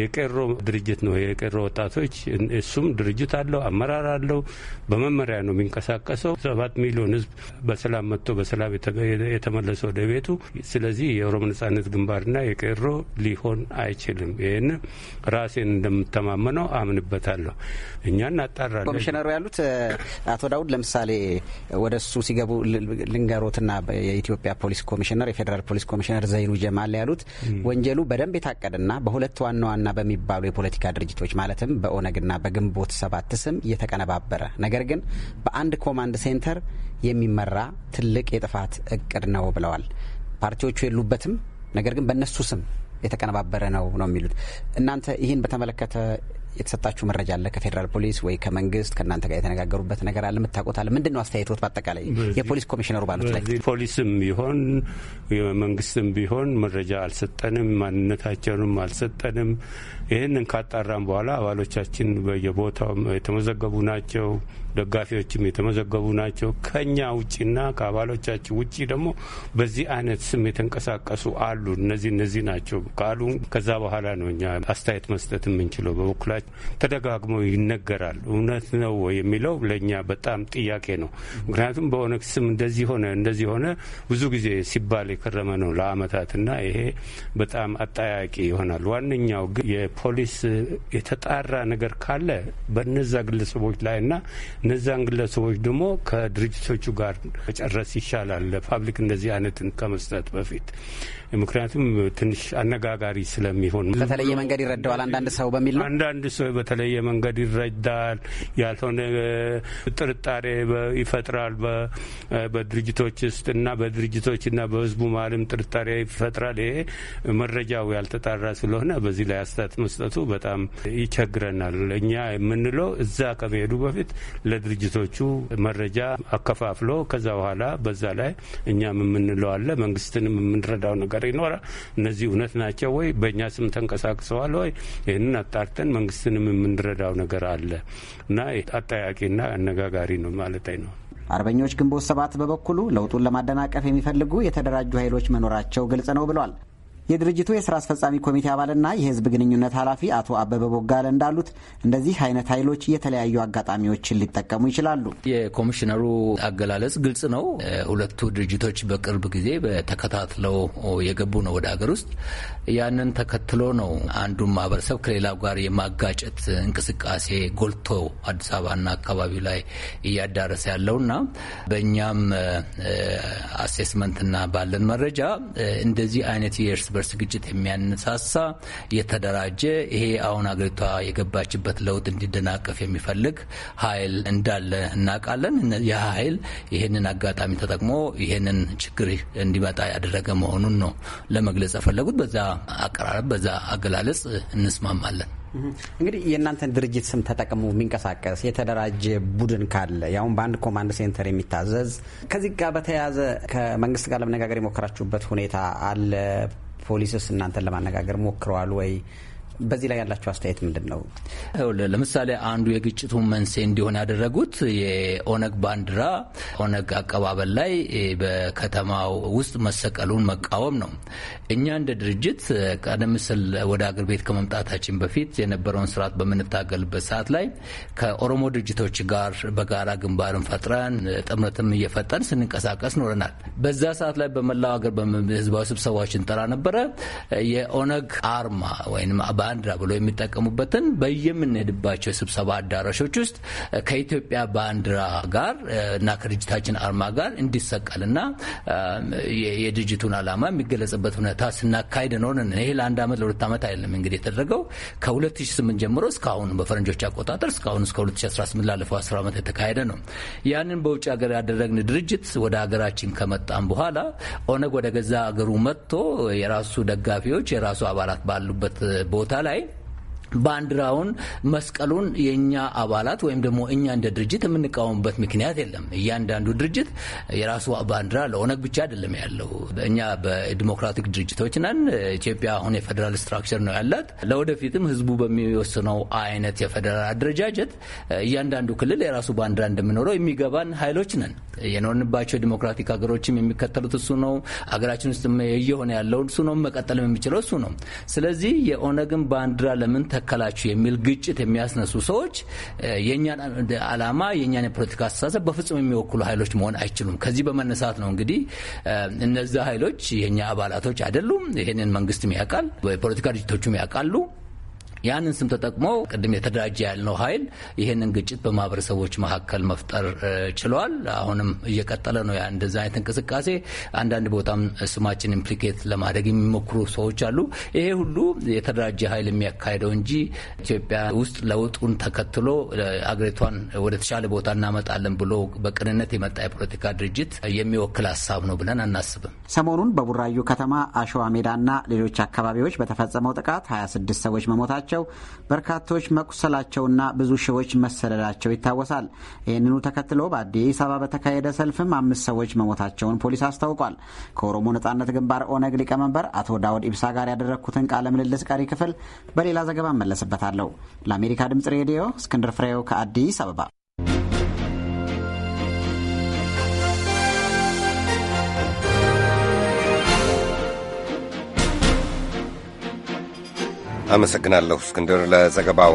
የቄሮ ድርጅት ነው የቄሮ ወጣቶች እሱም ድርጅት አለው፣ አመራር አለው። በመመሪያ ነው የሚንቀሳቀሰው። ሰባት ሚሊዮን ህዝብ በሰላም መጥቶ በሰላም የተመለሰ ወደ ቤቱ። ስለዚህ የኦሮሞ ነጻነት ግንባርና የቄሮ ሊሆን አይችልም። ይህን ራሴን እንደምተማመነው አምንበታለሁ። እኛ እናጣራለን። ኮሚሽነሩ ያሉት አቶ ዳውድ ለምሳሌ ወደ እሱ ሲገቡ ልንገሮትና የኢትዮጵያ ፖሊስ ኮሚሽነር የፌዴራል ፖሊስ ኮሚሽነር ዘይኑ ጀማል ያሉት ወንጀሉ በደንብ የታቀደና በሁለት ዋና ዋና በሚባሉ የፖለቲካ ድርጅቶች ማለትም በኦነግና በህወሓትና በግንቦት ሰባት ስም እየተቀነባበረ ነገር ግን በአንድ ኮማንድ ሴንተር የሚመራ ትልቅ የጥፋት እቅድ ነው ብለዋል። ፓርቲዎቹ የሉበትም፣ ነገር ግን በእነሱ ስም የተቀነባበረ ነው ነው የሚሉት። እናንተ ይህን በተመለከተ የተሰጣችሁ መረጃ አለ ከፌዴራል ፖሊስ ወይ ከመንግስት ከእናንተ ጋር የተነጋገሩበት ነገር አለ የምታውቁት አለ ምንድን ነው አስተያየቶት በአጠቃላይ የፖሊስ ኮሚሽነሩ ባሉት ላይ ፖሊስም ቢሆን መንግስትም ቢሆን መረጃ አልሰጠንም ማንነታቸውንም አልሰጠንም ይህንን ካጣራም በኋላ አባሎቻችን በየቦታው የተመዘገቡ ናቸው ደጋፊዎችም የተመዘገቡ ናቸው። ከኛ ውጭና ከአባሎቻችን ውጭ ደግሞ በዚህ አይነት ስም የተንቀሳቀሱ አሉ። እነዚህ እነዚህ ናቸው ካሉ ከዛ በኋላ ነው እኛ አስተያየት መስጠት የምንችለው። በበኩላችን ተደጋግመው ይነገራል። እውነት ነው የሚለው ለእኛ በጣም ጥያቄ ነው። ምክንያቱም በኦነግ ስም እንደዚህ ሆነ እንደዚህ ሆነ ብዙ ጊዜ ሲባል የከረመ ነው ለአመታትና ይሄ በጣም አጠያቂ ይሆናል። ዋነኛው ግን የፖሊስ የተጣራ ነገር ካለ በነዛ ግለሰቦች ላይና እነዛን ግለሰቦች ደግሞ ከድርጅቶቹ ጋር መጨረስ ይሻላል ለፓብሊክ እንደዚህ አይነትን ከመስጠት በፊት ምክንያቱም ትንሽ አነጋጋሪ ስለሚሆን በተለየ መንገድ ይረዳዋል አንዳንድ ሰው በሚል ነው። አንዳንድ ሰው በተለየ መንገድ ይረዳል፣ ያልሆነ ጥርጣሬ ይፈጥራል በድርጅቶች ውስጥ እና በድርጅቶችና በህዝቡ መሀልም ጥርጣሬ ይፈጥራል። ይሄ መረጃው ያልተጣራ ስለሆነ በዚህ ላይ አስተያየት መስጠቱ በጣም ይቸግረናል። እኛ የምንለው እዛ ከመሄዱ በፊት ለድርጅቶቹ መረጃ አከፋፍሎ ከዛ በኋላ በዛ ላይ እኛም የምንለው አለ መንግስትንም የምንረዳው ነገር መከራከር ይኖራል። እነዚህ እውነት ናቸው ወይ፣ በእኛ ስም ተንቀሳቅሰዋል ወይ፣ ይህንን አጣርተን መንግስትንም የምንረዳው ነገር አለ እና አጠያቂና አነጋጋሪ ነው ማለት ነው። አርበኞች ግንቦት ሰባት በበኩሉ ለውጡን ለማደናቀፍ የሚፈልጉ የተደራጁ ኃይሎች መኖራቸው ግልጽ ነው ብሏል። የድርጅቱ የስራ አስፈጻሚ ኮሚቴ አባልና የህዝብ ግንኙነት ኃላፊ አቶ አበበ ቦጋለ እንዳሉት እንደዚህ አይነት ኃይሎች የተለያዩ አጋጣሚዎችን ሊጠቀሙ ይችላሉ። የኮሚሽነሩ አገላለጽ ግልጽ ነው። ሁለቱ ድርጅቶች በቅርብ ጊዜ ተከታትለው የገቡ ነው ወደ ሀገር ውስጥ። ያንን ተከትሎ ነው አንዱን ማህበረሰብ ከሌላው ጋር የማጋጨት እንቅስቃሴ ጎልቶ አዲስ አበባና አካባቢው ላይ እያዳረሰ ያለውና በእኛም አሴስመንትና ባለን መረጃ እንደዚህ አይነት የእርስ በርስ ግጭት የሚያነሳሳ የተደራጀ ይሄ አሁን አገሪቷ የገባችበት ለውጥ እንዲደናቀፍ የሚፈልግ ኃይል እንዳለ እናውቃለን። ያ ኃይል ይህንን አጋጣሚ ተጠቅሞ ይህንን ችግር እንዲመጣ ያደረገ መሆኑን ነው ለመግለጽ የፈለጉት። በዛ አቀራረብ፣ በዛ አገላለጽ እንስማማለን። እንግዲህ የእናንተን ድርጅት ስም ተጠቅሞ የሚንቀሳቀስ የተደራጀ ቡድን ካለ ያሁን በአንድ ኮማንድ ሴንተር የሚታዘዝ ከዚህ ጋር በተያያዘ ከመንግስት ጋር ለመነጋገር የሞከራችሁበት ሁኔታ አለ? ፖሊስስ እናንተን ለማነጋገር ሞክረዋል ወይ? በዚህ ላይ ያላቸው አስተያየት ምንድን ነው? ለምሳሌ አንዱ የግጭቱ መንስኤ እንዲሆን ያደረጉት የኦነግ ባንዲራ ኦነግ አቀባበል ላይ በከተማው ውስጥ መሰቀሉን መቃወም ነው። እኛ እንደ ድርጅት ቀደም ሲል ወደ አገር ቤት ከመምጣታችን በፊት የነበረውን ስርዓት በምንታገልበት ሰዓት ላይ ከኦሮሞ ድርጅቶች ጋር በጋራ ግንባርን ፈጥረን ጥምረትም እየፈጠን ስንንቀሳቀስ ኖረናል። በዛ ሰዓት ላይ በመላው ሀገር ህዝባዊ ስብሰባዎች ጠራ ነበረ የኦነግ አርማ ወይም ባንዲራ ብሎ የሚጠቀሙበትን በየምንሄድባቸው የስብሰባ አዳራሾች ውስጥ ከኢትዮጵያ ባንዲራ ጋር እና ከድርጅታችን አርማ ጋር እንዲሰቀልና የድርጅቱን ዓላማ የሚገለጽበት ሁኔታ ስናካሄድ ነሆንን። ይሄ ለአንድ ዓመት ለሁለት ዓመት አይደለም እንግዲህ የተደረገው ከ2008 ጀምሮ እስካሁን በፈረንጆች አቆጣጠር እስካሁን እስከ 2018 ላለፈው 10 ዓመት የተካሄደ ነው። ያንን በውጭ ሀገር ያደረግን ድርጅት ወደ ሀገራችን ከመጣም በኋላ ኦነግ ወደ ገዛ ሀገሩ መጥቶ የራሱ ደጋፊዎች የራሱ አባላት ባሉበት ቦታ sala, ባንዲራውን መስቀሉን የእኛ አባላት ወይም ደግሞ እኛ እንደ ድርጅት የምንቃወምበት ምክንያት የለም። እያንዳንዱ ድርጅት የራሱ ባንዲራ ለኦነግ ብቻ አይደለም ያለው። እኛ በዲሞክራቲክ ድርጅቶች ነን። ኢትዮጵያ አሁን የፌዴራል ስትራክቸር ነው ያላት። ለወደፊትም ህዝቡ በሚወስነው አይነት የፌዴራል አደረጃጀት እያንዳንዱ ክልል የራሱ ባንዲራ እንደሚኖረው የሚገባን ኃይሎች ነን። የኖርንባቸው ዲሞክራቲክ ሀገሮችም የሚከተሉት እሱ ነው። ሀገራችን ውስጥ እየሆነ ያለው እሱ ነው። መቀጠልም የሚችለው እሱ ነው። ስለዚህ የኦነግን ባንዲራ ለምን ተከላችሁ የሚል ግጭት የሚያስነሱ ሰዎች የእኛን አላማ የእኛን የፖለቲካ አስተሳሰብ በፍጹም የሚወክሉ ኃይሎች መሆን አይችሉም። ከዚህ በመነሳት ነው እንግዲህ እነዚ ኃይሎች የእኛ አባላቶች አይደሉም። ይህንን መንግስትም ያውቃል፣ የፖለቲካ ድርጅቶቹም ያውቃሉ። ያንን ስም ተጠቅሞ ቅድም የተደራጀ ያልነው ኃይል ይህንን ግጭት በማህበረሰቦች መካከል መፍጠር ችሏል። አሁንም እየቀጠለ ነው እንደዚ አይነት እንቅስቃሴ። አንዳንድ ቦታም ስማችን ኢምፕሊኬት ለማድረግ የሚሞክሩ ሰዎች አሉ። ይሄ ሁሉ የተደራጀ ኃይል የሚያካሄደው እንጂ ኢትዮጵያ ውስጥ ለውጡን ተከትሎ አገሪቷን ወደ ተሻለ ቦታ እናመጣለን ብሎ በቅንነት የመጣ የፖለቲካ ድርጅት የሚወክል ሀሳብ ነው ብለን አናስብም። ሰሞኑን በቡራዩ ከተማ አሸዋ ሜዳና ሌሎች አካባቢዎች በተፈጸመው ጥቃት 26 ሰዎች መሞታቸው በመውሰዳቸው በርካቶች መቁሰላቸውና ብዙ ሺዎች መሰደዳቸው ይታወሳል። ይህንኑ ተከትሎ በአዲስ አበባ በተካሄደ ሰልፍም አምስት ሰዎች መሞታቸውን ፖሊስ አስታውቋል። ከኦሮሞ ነጻነት ግንባር ኦነግ ሊቀመንበር አቶ ዳውድ ኢብሳ ጋር ያደረግኩትን ቃለ ምልልስ ቀሪ ክፍል በሌላ ዘገባ እመለስበታለሁ። ለአሜሪካ ድምጽ ሬዲዮ እስክንድር ፍሬው ከአዲስ አበባ አመሰግናለሁ እስክንድር ለዘገባው።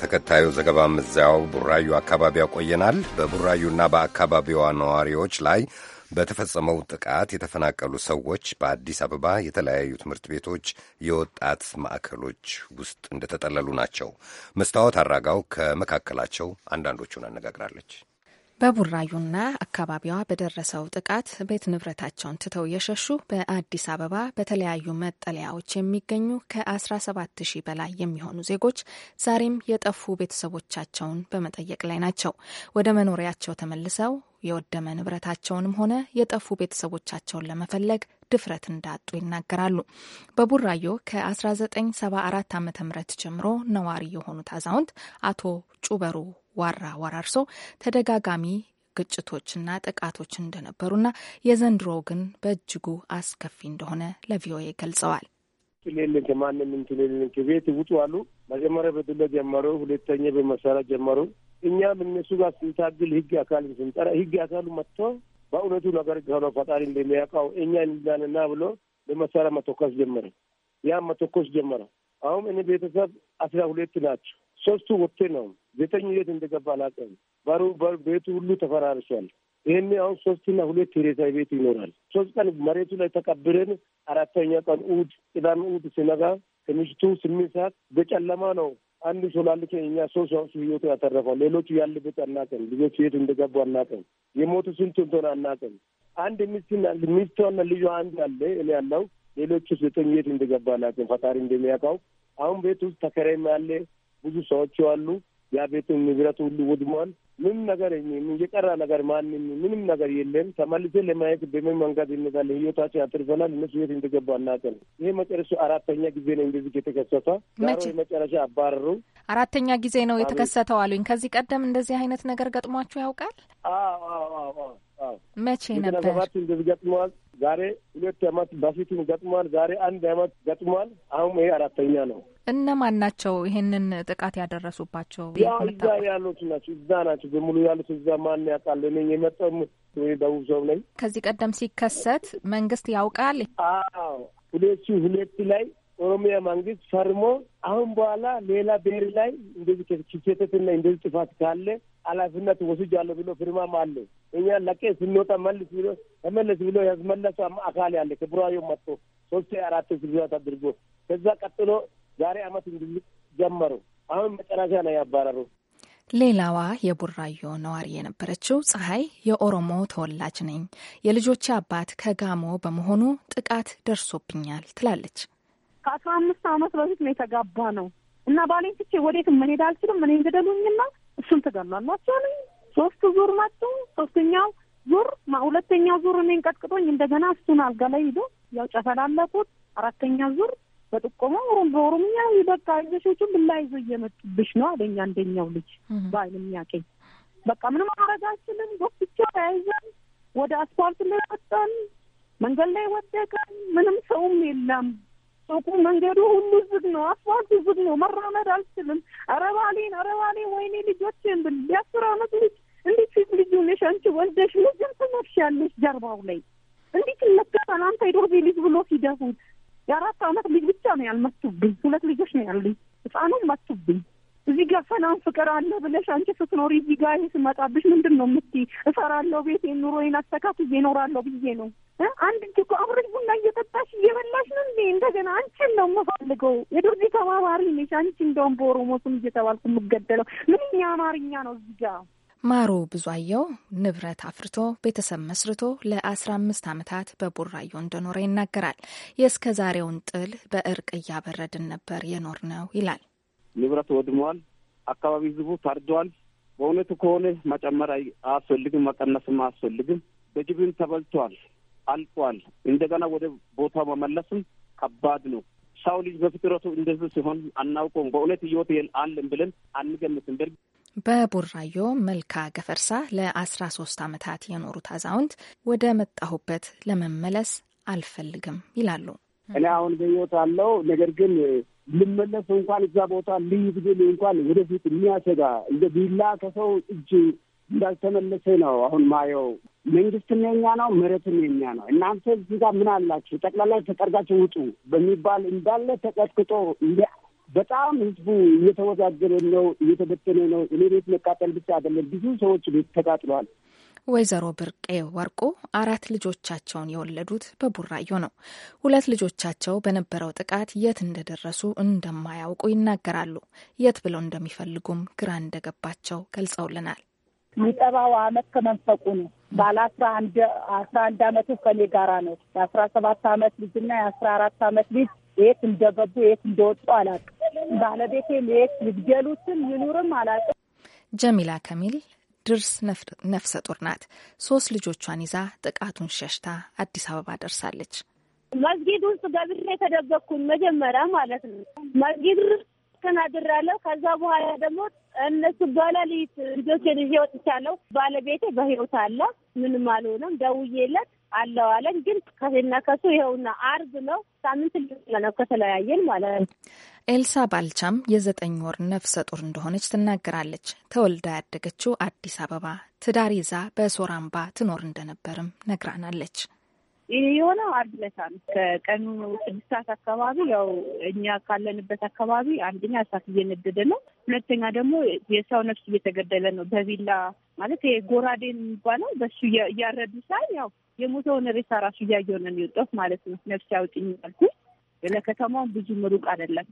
ተከታዩ ዘገባም እዚያው ቡራዩ አካባቢ ያቆየናል። በቡራዩና በአካባቢዋ ነዋሪዎች ላይ በተፈጸመው ጥቃት የተፈናቀሉ ሰዎች በአዲስ አበባ የተለያዩ ትምህርት ቤቶች፣ የወጣት ማዕከሎች ውስጥ እንደተጠለሉ ናቸው። መስታወት አራጋው ከመካከላቸው አንዳንዶቹን አነጋግራለች። በቡራዩና አካባቢዋ በደረሰው ጥቃት ቤት ንብረታቸውን ትተው የሸሹ በአዲስ አበባ በተለያዩ መጠለያዎች የሚገኙ ከ17 ሺህ በላይ የሚሆኑ ዜጎች ዛሬም የጠፉ ቤተሰቦቻቸውን በመጠየቅ ላይ ናቸው። ወደ መኖሪያቸው ተመልሰው የወደመ ንብረታቸውንም ሆነ የጠፉ ቤተሰቦቻቸውን ለመፈለግ ድፍረት እንዳጡ ይናገራሉ። በቡራዮ ከ1974 ዓ ም ጀምሮ ነዋሪ የሆኑት አዛውንት አቶ ጩበሩ ዋራ ወራርሶ ተደጋጋሚ ግጭቶችና ጥቃቶች እንደነበሩና የዘንድሮው ግን በእጅጉ አስከፊ እንደሆነ ለቪኦኤ ገልጸዋል። ሌለች ማንም እንትን ቤት ውጡ አሉ። መጀመሪያ በዱላ ጀመሩ፣ ሁለተኛ በመሳሪያ ጀመሩ። እኛም እነሱ ጋር ስንታግል ህግ አካል ስንጠራ ህግ አካሉ መጥቶ በእውነቱ ነገር ከሆነ ፈጣሪ እንደሚያውቀው እኛ እንዳንና ብሎ በመሳሪያ መተኮስ ጀመረ። ያ መተኮስ ጀመረ። አሁን እኔ ቤተሰብ አስራ ሁለት ናቸው። ሶስቱ ወጥቴ ነው ዘጠኝ የት እንደገባ አላውቅም። ባሮ ቤቱ ሁሉ ተፈራርሷል። ይህኔ አሁን ሶስትና ሁለት ቴሬሳ ቤት ይኖራል። ሶስት ቀን መሬቱ ላይ ተቀብረን አራተኛ ቀን እሑድ ቅዳሜ እሑድ ሲነጋ ከምሽቱ ስምንት ሰዓት በጨለማ ነው አንድ ሰው ላልከ እኛ ሶስት ሰዎች ህይወቱ ያተረፈው ሌሎቹ ያለበት አናውቅም። ልጆቹ የት እንደገቡ አናውቅም። የሞቱ ስንት እንደሆነ አናውቅም። አንድ ሚስትና ሚስቷና ልዩ አንድ አለ እኔ ያለው ሌሎቹ ዘጠኝ የት እንደገባ አናውቅም። ፈጣሪ እንደሚያውቀው አሁን ቤት ውስጥ ተከራይም ያለ ብዙ ሰዎች አሉ። ያ ቤቱ ንብረቱ ሁሉ ወድሟል። ምንም ነገር የቀራ ነገር ማንም ምንም ነገር የለም። ተመልሰን ለማየት በምን መንገድ እንሄዳለን? ህይወታችን አትርፈናል። እነሱ የት እንደገባ እናውቀን። ይሄ መጨረሻ አራተኛ ጊዜ ነው እንደዚህ የተከሰተ። መጨረሻ አባረሩ። አራተኛ ጊዜ ነው የተከሰተው አሉኝ። ከዚህ ቀደም እንደዚህ አይነት ነገር ገጥሟችሁ ያውቃል? መቼ ነበር? እንደዚህ ገጥሟል? ዛሬ ሁለት አመት በፊትም ገጥሟል። ዛሬ አንድ አመት ገጥሟል። አሁን ይሄ አራተኛ ነው። እነማን ናቸው ይሄንን ጥቃት ያደረሱባቸው? ያው እዛ ያሉት ናቸው፣ እዛ ናቸው በሙሉ ያሉት እዛ። ማን ያውቃል? እኔ ወይ ደቡብ ሰው ላይ ከዚህ ቀደም ሲከሰት መንግስት ያውቃል። አዎ ሁለት ሁለት ላይ ኦሮሚያ መንግስት ፈርሞ አሁን በኋላ ሌላ ብሔር ላይ እንደዚህ ክስተትና እንደዚህ ጥፋት ካለ ኃላፊነት ወስጃለሁ ብሎ ፊርማም አለ። እኛ ለቄ ስንወጣ መልስ ብሎ ተመለስ ብሎ ያስመለሱ አካል ያለ ከቡራዮ መጥቶ ሶስት አራት ስብዛት አድርጎ ከዛ ቀጥሎ ዛሬ አመት እንድልቅ ጀመሩ። አሁን መጨረሻ ነው ያባረሩ። ሌላዋ የቡራዮ ነዋሪ የነበረችው ፀሐይ የኦሮሞ ተወላጅ ነኝ፣ የልጆች አባት ከጋሞ በመሆኑ ጥቃት ደርሶብኛል ትላለች። ከአስራ አምስት አመት በፊት ነው የተጋባ ነው እና ባሌን ትቼ ወዴትም መሄድ አልችልም። እኔን ግደሉኝና እሱን ትገሏላቸው ነኝ። ሶስቱ ዙር መጡ። ሶስተኛው ዙር ሁለተኛው ዙር እኔን ቀጥቅጦኝ እንደገና እሱን አልጋ ላይ ሂዶ ያው ጨፈላለኩት። አራተኛ ዙር በጥቆማ በኦሮምኛ በቃ አይዞሾቹን ብላ ይዞ እየመጡብሽ ነው አለኝ አንደኛው ልጅ በአይን የሚያቀኝ በቃ ምንም ማረጋችንም ጎብቻ ያይዘን ወደ አስፋልት ላይ ወጣን። መንገድ ላይ ወደቀን። ምንም ሰውም የለም። ሱቁ መንገዱ ሁሉ ዝግ ነው። አስፋልቱ ዝግ ነው። መራመድ አልችልም። አረባሌን ባሌን፣ ወይኔ ልጆችን ብል የአስር አመት ልጅ እንዴት ፊት ልጁ ነሽ አንቺ ወልደሽ ልጅም ትመርሻለሽ ጀርባው ላይ እንዴት ይመከታል አንተ የዶርዜ ልጅ ብሎ ሲደፉት የአራት አመት ልጅ ብቻ ነው ያልመቱብኝ። ሁለት ልጆች ነው ያሉኝ። ህፃኑም መቱብኝ። እዚህ ጋር ሰላም ፍቅር አለ ብለሽ አንቺ ስትኖሪ እዚህ ጋር ይሄ ስመጣብሽ ምንድን ነው የምትይ? እሰራለሁ፣ ቤቴን፣ ኑሮዬን አስተካክዬ እኖራለሁ ብዬ ነው። አንድ እጅ እኮ አብረሽ ቡና እየጠጣሽ እየበላሽ ነው እንዴ? እንደገና አንቺን ነው የምፈልገው። የዱርዚ ተባባሪ ነሽ አንቺ። እንደውም በኦሮሞ ስም እየተባልኩ የምገደለው ምንኛ አማርኛ ነው እዚህ ጋር ማሩ ብዙአየው ንብረት አፍርቶ ቤተሰብ መስርቶ ለ15 ዓመታት በቡራዮ እንደኖረ ይናገራል። የእስከ ዛሬውን ጥል በእርቅ እያበረድን ነበር የኖር ነው ይላል። ንብረት ወድሟል። አካባቢ ህዝቡ ታርደዋል። በእውነቱ ከሆነ መጨመር አያስፈልግም፣ መቀነስም አያስፈልግም። በጅብም ተበልቷል፣ አልቋል። እንደገና ወደ ቦታው መመለስም ከባድ ነው። ሰው ልጅ በፍጥረቱ እንደዚህ ሲሆን አናውቀውም። በእውነት ህይወት አለን ብለን አንገምትም። በቡራዮ መልካ ገፈርሳ ለ13 ዓመታት የኖሩት አዛውንት ወደ መጣሁበት ለመመለስ አልፈልግም ይላሉ። እኔ አሁን በሕይወት አለው። ነገር ግን ልመለስ እንኳን እዛ ቦታ ልይዝ ግን እንኳን ወደፊት የሚያሰጋ እንደ ቢላ ከሰው እጅ እንዳልተመለሰ ነው አሁን ማየው። መንግስትም የኛ ነው፣ መሬትም የኛ ነው። እናንተ እዚህ ጋር ምን አላችሁ? ጠቅላላ ተጠርጋችሁ ውጡ በሚባል እንዳለ ተቀጥቅጦ በጣም ህዝቡ እየተወዛገረ ነው፣ እየተበተነ ነው። እኔ ቤት መቃጠል ብቻ አይደለም፣ ብዙ ሰዎች ቤት ተቃጥሏል። ወይዘሮ ብርቄ ወርቁ አራት ልጆቻቸውን የወለዱት በቡራዮ ነው። ሁለት ልጆቻቸው በነበረው ጥቃት የት እንደደረሱ እንደማያውቁ ይናገራሉ። የት ብለው እንደሚፈልጉም ግራ እንደገባቸው ገልጸውልናል። የሚጠባው አመት ከመንፈቁ ነው። ባለ አስራ አንድ አስራ አንድ አመቱ ከኔ ጋራ ነው። የአስራ ሰባት አመት ልጅና የአስራ አራት አመት ልጅ የት እንደገቡ የት እንደወጡ አላውቅም። ባለቤቴ የት ልትገሉትም ይኑርም አላውቅም። ጀሚላ ከሚል ድርስ ነፍሰ ጡር ናት። ሶስት ልጆቿን ይዛ ጥቃቱን ሸሽታ አዲስ አበባ ደርሳለች። መስጊድ ውስጥ ገብሬ የተደበቅኩኝ መጀመሪያ ማለት ነው። መስጊድ አድራለሁ። ከዛ በኋላ ደግሞ እነሱ በሌሊት ልጆችን ይዤ ወጥቻለሁ። ባለቤቴ በህይወት አለ፣ ምንም አልሆነም። ደውዬለት አለዋለን አለን። ግን ከነከሱ ይኸውና አርብ ነው ሳምንት ነው ከተለያየን ማለት ነው። ኤልሳ ባልቻም የዘጠኝ ወር ነፍሰ ጡር እንደሆነች ትናገራለች። ተወልዳ ያደገችው አዲስ አበባ ትዳር ይዛ በሶራምባ ትኖር እንደነበርም ነግራናለች። ይህ የሆነው አርብ ዕለት ከቀኑ ስድስት ሰዓት አካባቢ ያው እኛ ካለንበት አካባቢ አንደኛ እሳት እየነደደ ነው፣ ሁለተኛ ደግሞ የሰው ነፍስ እየተገደለ ነው። በቪላ ማለት ይሄ ጎራዴ የሚባለው በሱ እያረዱ ሳይ ያው የሞተውን ሬሳ ራሱ እያየሁ ነው የሚወጣው ማለት ነው። ነፍስ ያውጥኝ ያልኩ ለከተማውን ብዙም ሩቅ አይደለም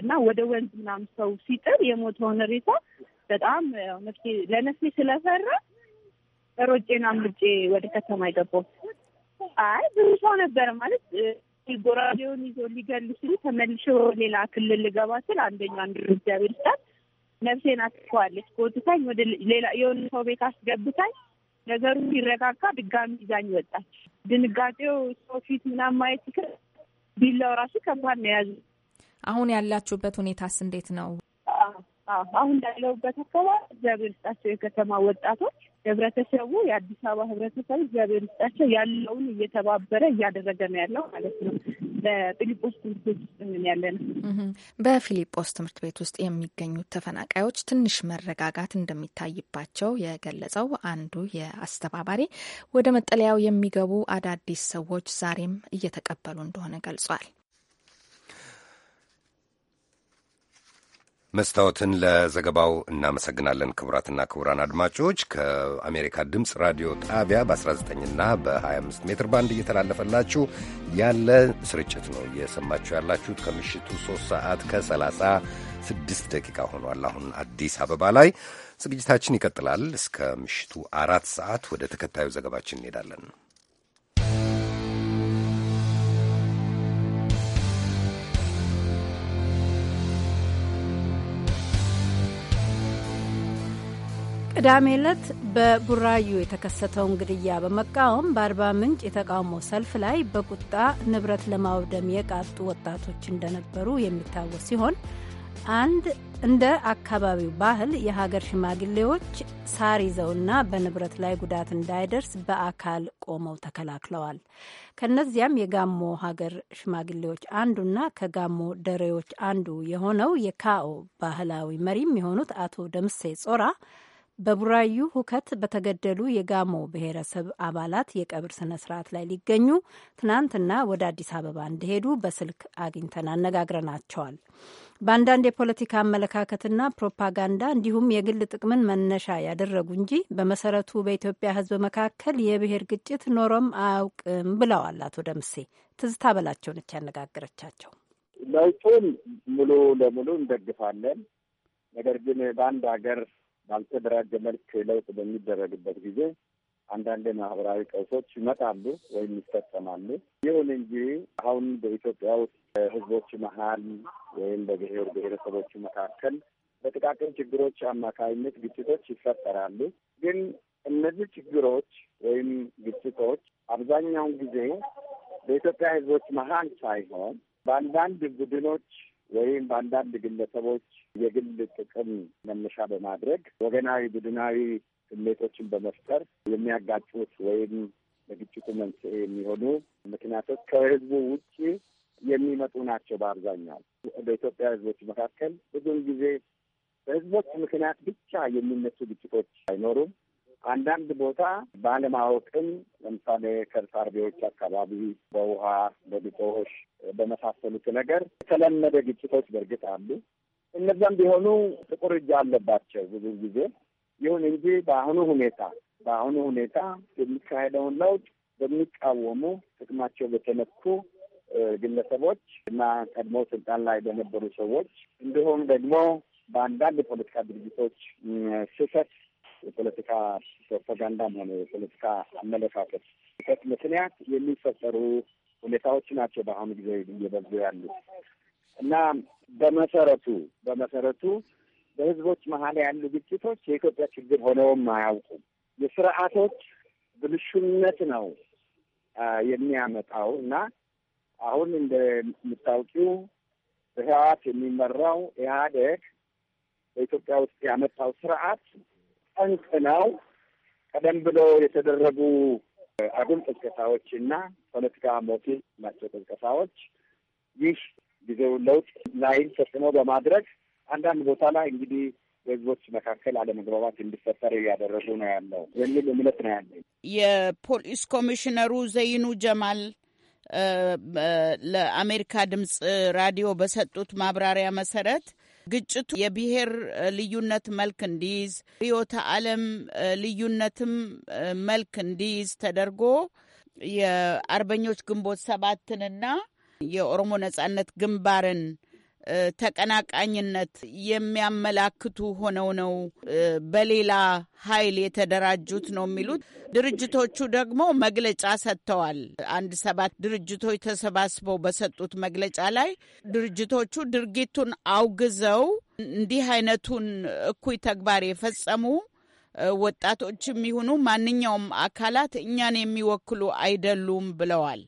እና ወደ ወንዝ ምናምን ሰው ሲጥር የሞተውን ሬሳ በጣም ነፍሴ ለነፍሴ ስለፈራ ሮጬና ምርጬ ወደ ከተማ የገባሁት። አይ ብዙ ሰው ነበረ ማለት ጎራዴውን ይዞ ሊገል ሲሉ ተመልሼ ሌላ ክልል ልገባ ስል አንደኛው አንድ እግዚአብሔር ስጣት ነፍሴን አትፈዋለች። ጎትታኝ ወደ ሌላ የሆነ ሰው ቤት አስገብታኝ ነገሩ ሲረጋጋ ድጋሚ ይዛኝ ወጣች። ድንጋጤው ሰው ፊት ምናምን ማየት ይክል ቢላው ራሱ ከባድ ነው የያዙ። አሁን ያላችሁበት ሁኔታስ እንዴት ነው? አሁን ያለሁበት አካባቢ እግዚአብሔር ስጣቸው የከተማ ወጣቶች ህብረተሰቡ የአዲስ አበባ ህብረተሰብ እግዚአብሔር ውስጣቸው ያለውን እየተባበረ እያደረገ ነው ያለው ማለት ነው። በፊሊጶስ ትምህርት ቤት ውስጥ ምን ያለ ነው። በፊሊጶስ ትምህርት ቤት ውስጥ የሚገኙት ተፈናቃዮች ትንሽ መረጋጋት እንደሚታይባቸው የገለጸው አንዱ የአስተባባሪ ወደ መጠለያው የሚገቡ አዳዲስ ሰዎች ዛሬም እየተቀበሉ እንደሆነ ገልጿል። መስታወትን ለዘገባው እናመሰግናለን። ክቡራትና ክቡራን አድማጮች ከአሜሪካ ድምፅ ራዲዮ ጣቢያ በ19ና በ25 ሜትር ባንድ እየተላለፈላችሁ ያለ ስርጭት ነው እየሰማችሁ ያላችሁት። ከምሽቱ 3 ሰዓት ከ36 ደቂቃ ሆኗል አሁን አዲስ አበባ ላይ። ዝግጅታችን ይቀጥላል እስከ ምሽቱ አራት ሰዓት። ወደ ተከታዩ ዘገባችን እንሄዳለን። ቅዳሜ ዕለት በቡራዩ የተከሰተውን ግድያ በመቃወም በአርባ ምንጭ የተቃውሞ ሰልፍ ላይ በቁጣ ንብረት ለማውደም የቃጡ ወጣቶች እንደነበሩ የሚታወስ ሲሆን አንድ እንደ አካባቢው ባህል የሀገር ሽማግሌዎች ሳር ይዘውና በንብረት ላይ ጉዳት እንዳይደርስ በአካል ቆመው ተከላክለዋል። ከነዚያም የጋሞ ሀገር ሽማግሌዎች አንዱና ከጋሞ ደሬዎች አንዱ የሆነው የካኦ ባህላዊ መሪም የሆኑት አቶ ደምሴ ጾራ በቡራዩ ሁከት በተገደሉ የጋሞ ብሔረሰብ አባላት የቀብር ስነ ስርዓት ላይ ሊገኙ ትናንትና ወደ አዲስ አበባ እንደሄዱ በስልክ አግኝተን አነጋግረናቸዋል። በአንዳንድ የፖለቲካ አመለካከትና ፕሮፓጋንዳ እንዲሁም የግል ጥቅምን መነሻ ያደረጉ እንጂ በመሰረቱ በኢትዮጵያ ሕዝብ መካከል የብሔር ግጭት ኖሮም አያውቅም ብለዋል አቶ ደምሴ። ትዝታ በላቸው ነች ያነጋገረቻቸው። ለውጡን ሙሉ ለሙሉ እንደግፋለን። ነገር ግን በአንድ ሀገር ባልተደራጀ መልክ ለውጥ በሚደረግበት ጊዜ አንዳንድ ማህበራዊ ቀውሶች ይመጣሉ ወይም ይፈጸማሉ። ይሁን እንጂ አሁን በኢትዮጵያ ውስጥ ህዝቦች መሀል ወይም በብሔር ብሔረሰቦች መካከል በጥቃቅን ችግሮች አማካኝነት ግጭቶች ይፈጠራሉ። ግን እነዚህ ችግሮች ወይም ግጭቶች አብዛኛውን ጊዜ በኢትዮጵያ ህዝቦች መሀል ሳይሆን በአንዳንድ ቡድኖች ወይም በአንዳንድ ግለሰቦች የግል ጥቅም መነሻ በማድረግ ወገናዊ፣ ቡድናዊ ስሜቶችን በመፍጠር የሚያጋጩት ወይም ለግጭቱ መንስኤ የሚሆኑ ምክንያቶች ከህዝቡ ውጭ የሚመጡ ናቸው። በአብዛኛው በኢትዮጵያ ህዝቦች መካከል ብዙውን ጊዜ በህዝቦች ምክንያት ብቻ የሚነሱ ግጭቶች አይኖሩም። አንዳንድ ቦታ ባለማወቅም ለምሳሌ ከብት አርቢዎች አካባቢ በውሃ በግጦሽ በመሳሰሉት ነገር የተለመደ ግጭቶች በእርግጥ አሉ። እነዚያም ቢሆኑ ጥቁር እጅ አለባቸው ብዙ ጊዜ። ይሁን እንጂ በአሁኑ ሁኔታ በአሁኑ ሁኔታ የሚካሄደውን ለውጥ በሚቃወሙ ጥቅማቸው በተነኩ ግለሰቦች እና ቀድሞ ስልጣን ላይ በነበሩ ሰዎች እንዲሁም ደግሞ በአንዳንድ የፖለቲካ ድርጅቶች ስህተት የፖለቲካ ፕሮፓጋንዳም ሆነ የፖለቲካ አመለካከት ስህተት ምክንያት የሚፈጠሩ ሁኔታዎች ናቸው በአሁኑ ጊዜ እየበዙ ያሉት እና በመሰረቱ በመሰረቱ በህዝቦች መሀል ያሉ ግጭቶች የኢትዮጵያ ችግር ሆነውም አያውቁም። የስርዓቶች ብልሹነት ነው የሚያመጣው እና አሁን እንደምታውቂው በህወሓት የሚመራው ኢህአዴግ በኢትዮጵያ ውስጥ ያመጣው ስርዓት ጠንቅ ነው። ቀደም ብሎ የተደረጉ አጉል ቅስቀሳዎች እና ፖለቲካ ሞቲቭ ናቸው ቅስቀሳዎች ይህ ጊዜው ለውጥ ላይን ተጽዕኖ በማድረግ አንዳንድ ቦታ ላይ እንግዲህ በህዝቦች መካከል አለመግባባት እንዲፈጠር እያደረጉ ነው ያለው የሚል እምነት ነው ያለ የፖሊስ ኮሚሽነሩ ዘይኑ ጀማል ለአሜሪካ ድምፅ ራዲዮ በሰጡት ማብራሪያ መሰረት ግጭቱ የብሔር ልዩነት መልክ እንዲይዝ ርዕዮተ ዓለም ልዩነትም መልክ እንዲይዝ ተደርጎ የአርበኞች ግንቦት ሰባትንና የኦሮሞ ነጻነት ግንባርን ተቀናቃኝነት የሚያመላክቱ ሆነው ነው በሌላ ኃይል የተደራጁት ነው የሚሉት። ድርጅቶቹ ደግሞ መግለጫ ሰጥተዋል። አንድ ሰባት ድርጅቶች ተሰባስበው በሰጡት መግለጫ ላይ ድርጅቶቹ ድርጊቱን አውግዘው እንዲህ አይነቱን እኩይ ተግባር የፈጸሙ ወጣቶች የሚሆኑ ማንኛውም አካላት እኛን የሚወክሉ አይደሉም ብለዋል።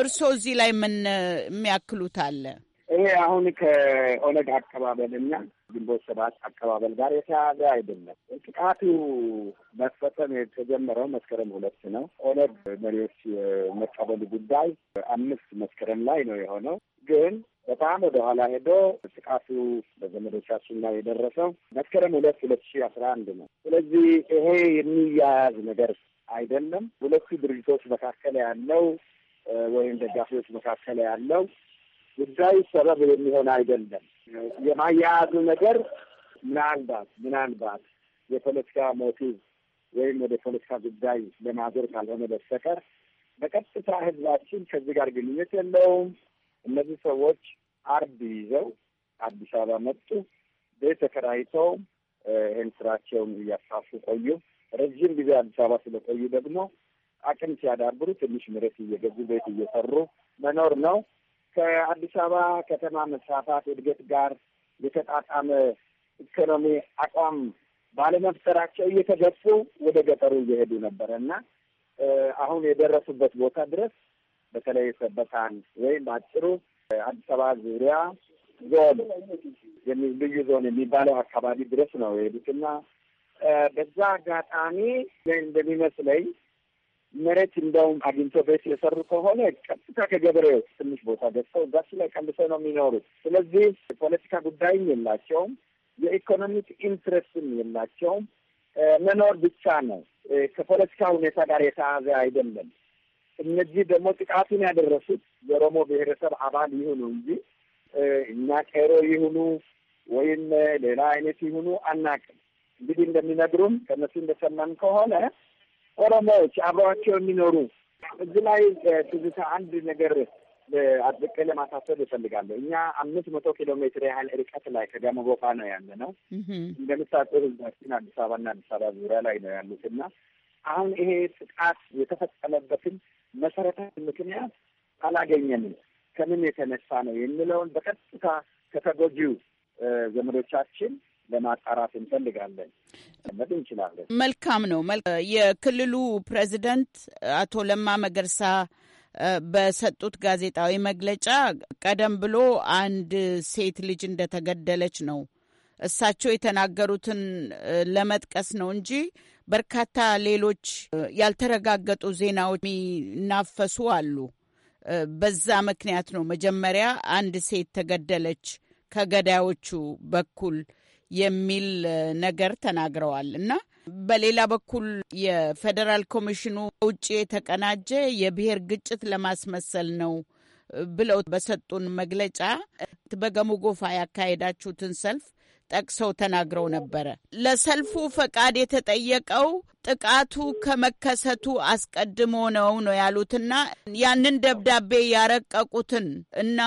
እርስዎ እዚህ ላይ ምን የሚያክሉት አለ? ይሄ አሁን ከኦነግ አቀባበልና ግንቦት ሰባት አቀባበል ጋር የተያዘ አይደለም። ጥቃቱ መፈጸም የተጀመረው መስከረም ሁለት ነው። ኦነግ መሪዎች የመቀበሉ ጉዳይ አምስት መስከረም ላይ ነው የሆነው። ግን በጣም ወደኋላ ሄዶ ጥቃቱ በዘመዶቻችን ላይ የደረሰው መስከረም ሁለት ሁለት ሺህ አስራ አንድ ነው። ስለዚህ ይሄ የሚያያዝ ነገር አይደለም። ሁለቱ ድርጅቶች መካከል ያለው ወይም ደጋፊዎች መካከል ያለው ጉዳይ ሰበብ የሚሆን አይደለም። የማያያዙ ነገር ምናልባት ምናልባት የፖለቲካ ሞቲቭ ወይም ወደ ፖለቲካ ጉዳይ ለማዞር ካልሆነ በስተቀር በቀጥታ ህዝባችን ከዚህ ጋር ግንኙነት የለውም። እነዚህ ሰዎች አርብ ይዘው አዲስ አበባ መጡ። ቤት ተከራይተው ይህን ስራቸውን እያሳፉ ቆዩ። ረዥም ጊዜ አዲስ አበባ ስለቆዩ ደግሞ አቅም ሲያዳብሩ ትንሽ መሬት እየገዙ ቤት እየሰሩ መኖር ነው። ከአዲስ አበባ ከተማ መስፋፋት እድገት ጋር የተጣጣመ ኢኮኖሚ አቋም ባለመፍጠራቸው እየተገፉ ወደ ገጠሩ እየሄዱ ነበረ እና አሁን የደረሱበት ቦታ ድረስ በተለይ ሰበታን ወይም በአጭሩ አዲስ አበባ ዙሪያ ዞን ልዩ ዞን የሚባለው አካባቢ ድረስ ነው የሄዱትና በዛ አጋጣሚ እንደሚመስለኝ መሬት እንደውም አግኝቶ ቤት የሰሩ ከሆነ ቀጥታ ከገበሬው ትንሽ ቦታ ገዝተው እዛች ላይ ቀንሰው ነው የሚኖሩት። ስለዚህ የፖለቲካ ጉዳይም የላቸውም፣ የኢኮኖሚክ ኢንትረስትም የላቸውም። መኖር ብቻ ነው። ከፖለቲካ ሁኔታ ጋር የተያዘ አይደለም። እነዚህ ደግሞ ጥቃቱን ያደረሱት የኦሮሞ ብሔረሰብ አባል ይሁኑ እንጂ እኛ ቄሮ ይሁኑ ወይም ሌላ አይነት ይሁኑ አናውቅም። እንግዲህ እንደሚነግሩም ከእነሱ እንደሰማን ከሆነ ኦሮሞዎች አብረዋቸው የሚኖሩ እዚህ ላይ ትዝታ አንድ ነገር አጥብቄ ለማሳሰብ እፈልጋለሁ። እኛ አምስት መቶ ኪሎ ሜትር ያህል ርቀት ላይ ከጋሞ ጎፋ ነው ያለ ነው። እንደምታውቀው ህዝባችን አዲስ አበባና አዲስ አበባ ዙሪያ ላይ ነው ያሉት እና አሁን ይሄ ጥቃት የተፈጸመበትን መሰረታዊ ምክንያት አላገኘንም። ከምን የተነሳ ነው የሚለውን በቀጥታ ከተጎጂው ዘመዶቻችን ለማጣራት እንፈልጋለን ነት እንችላለን። መልካም ነው። የክልሉ ፕሬዚደንት አቶ ለማ መገርሳ በሰጡት ጋዜጣዊ መግለጫ ቀደም ብሎ አንድ ሴት ልጅ እንደተገደለች ነው እሳቸው የተናገሩትን ለመጥቀስ ነው እንጂ በርካታ ሌሎች ያልተረጋገጡ ዜናዎች የሚናፈሱ አሉ። በዛ ምክንያት ነው መጀመሪያ አንድ ሴት ተገደለች ከገዳዮቹ በኩል የሚል ነገር ተናግረዋል እና በሌላ በኩል የፌዴራል ኮሚሽኑ ውጭ የተቀናጀ የብሔር ግጭት ለማስመሰል ነው ብለው በሰጡን መግለጫ በገሙ ጎፋ ያካሄዳችሁትን ሰልፍ ጠቅሰው ተናግረው ነበረ። ለሰልፉ ፈቃድ የተጠየቀው ጥቃቱ ከመከሰቱ አስቀድሞ ነው ነው ያሉትና ያንን ደብዳቤ ያረቀቁትን እና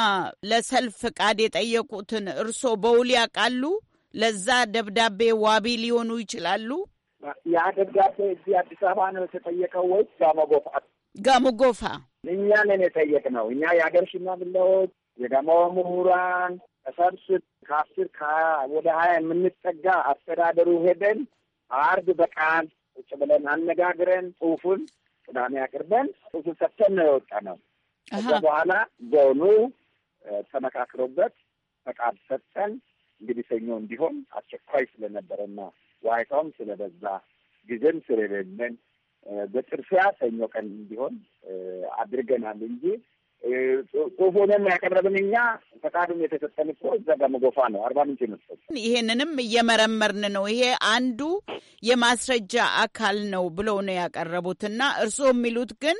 ለሰልፍ ፈቃድ የጠየቁትን እርሶ በውል ያውቃሉ? ለዛ ደብዳቤ ዋቢ ሊሆኑ ይችላሉ። ያ ደብዳቤ እዚህ አዲስ አበባ ነው የተጠየቀው ወይ ጋሞጎፋ? ጋሞጎፋ እኛ ነን የጠየቅነው። እኛ የሀገር ሽማግሌዎች፣ የጋሞ ምሁራን ተሰብስብ ከአስር ወደ ሀያ የምንጠጋ አስተዳደሩ ሄደን አርብ በቃል ቁጭ ብለን አነጋግረን ጽሁፉን ቅዳሜ አቅርበን ጽሁፉን ሰጥተን ነው የወጣ ነው። ከዛ በኋላ ዞኑ ተመካክሮበት ፈቃድ ሰጠን። እንግዲህ ሰኞም ቢሆን አስቸኳይ ስለነበረና ዋይታውም ስለበዛ ጊዜም ስለሌለን በጥርፊያ ሰኞ ቀን እንዲሆን አድርገናል እንጂ ጽሁፉንም ያቀረብን እኛ ፈቃዱም የተሰጠን እኮ እዛ ጋር ነው። አርባ ምንጭ ይመስል ይሄንንም እየመረመርን ነው። ይሄ አንዱ የማስረጃ አካል ነው ብለው ነው ያቀረቡትና እርስዎ የሚሉት ግን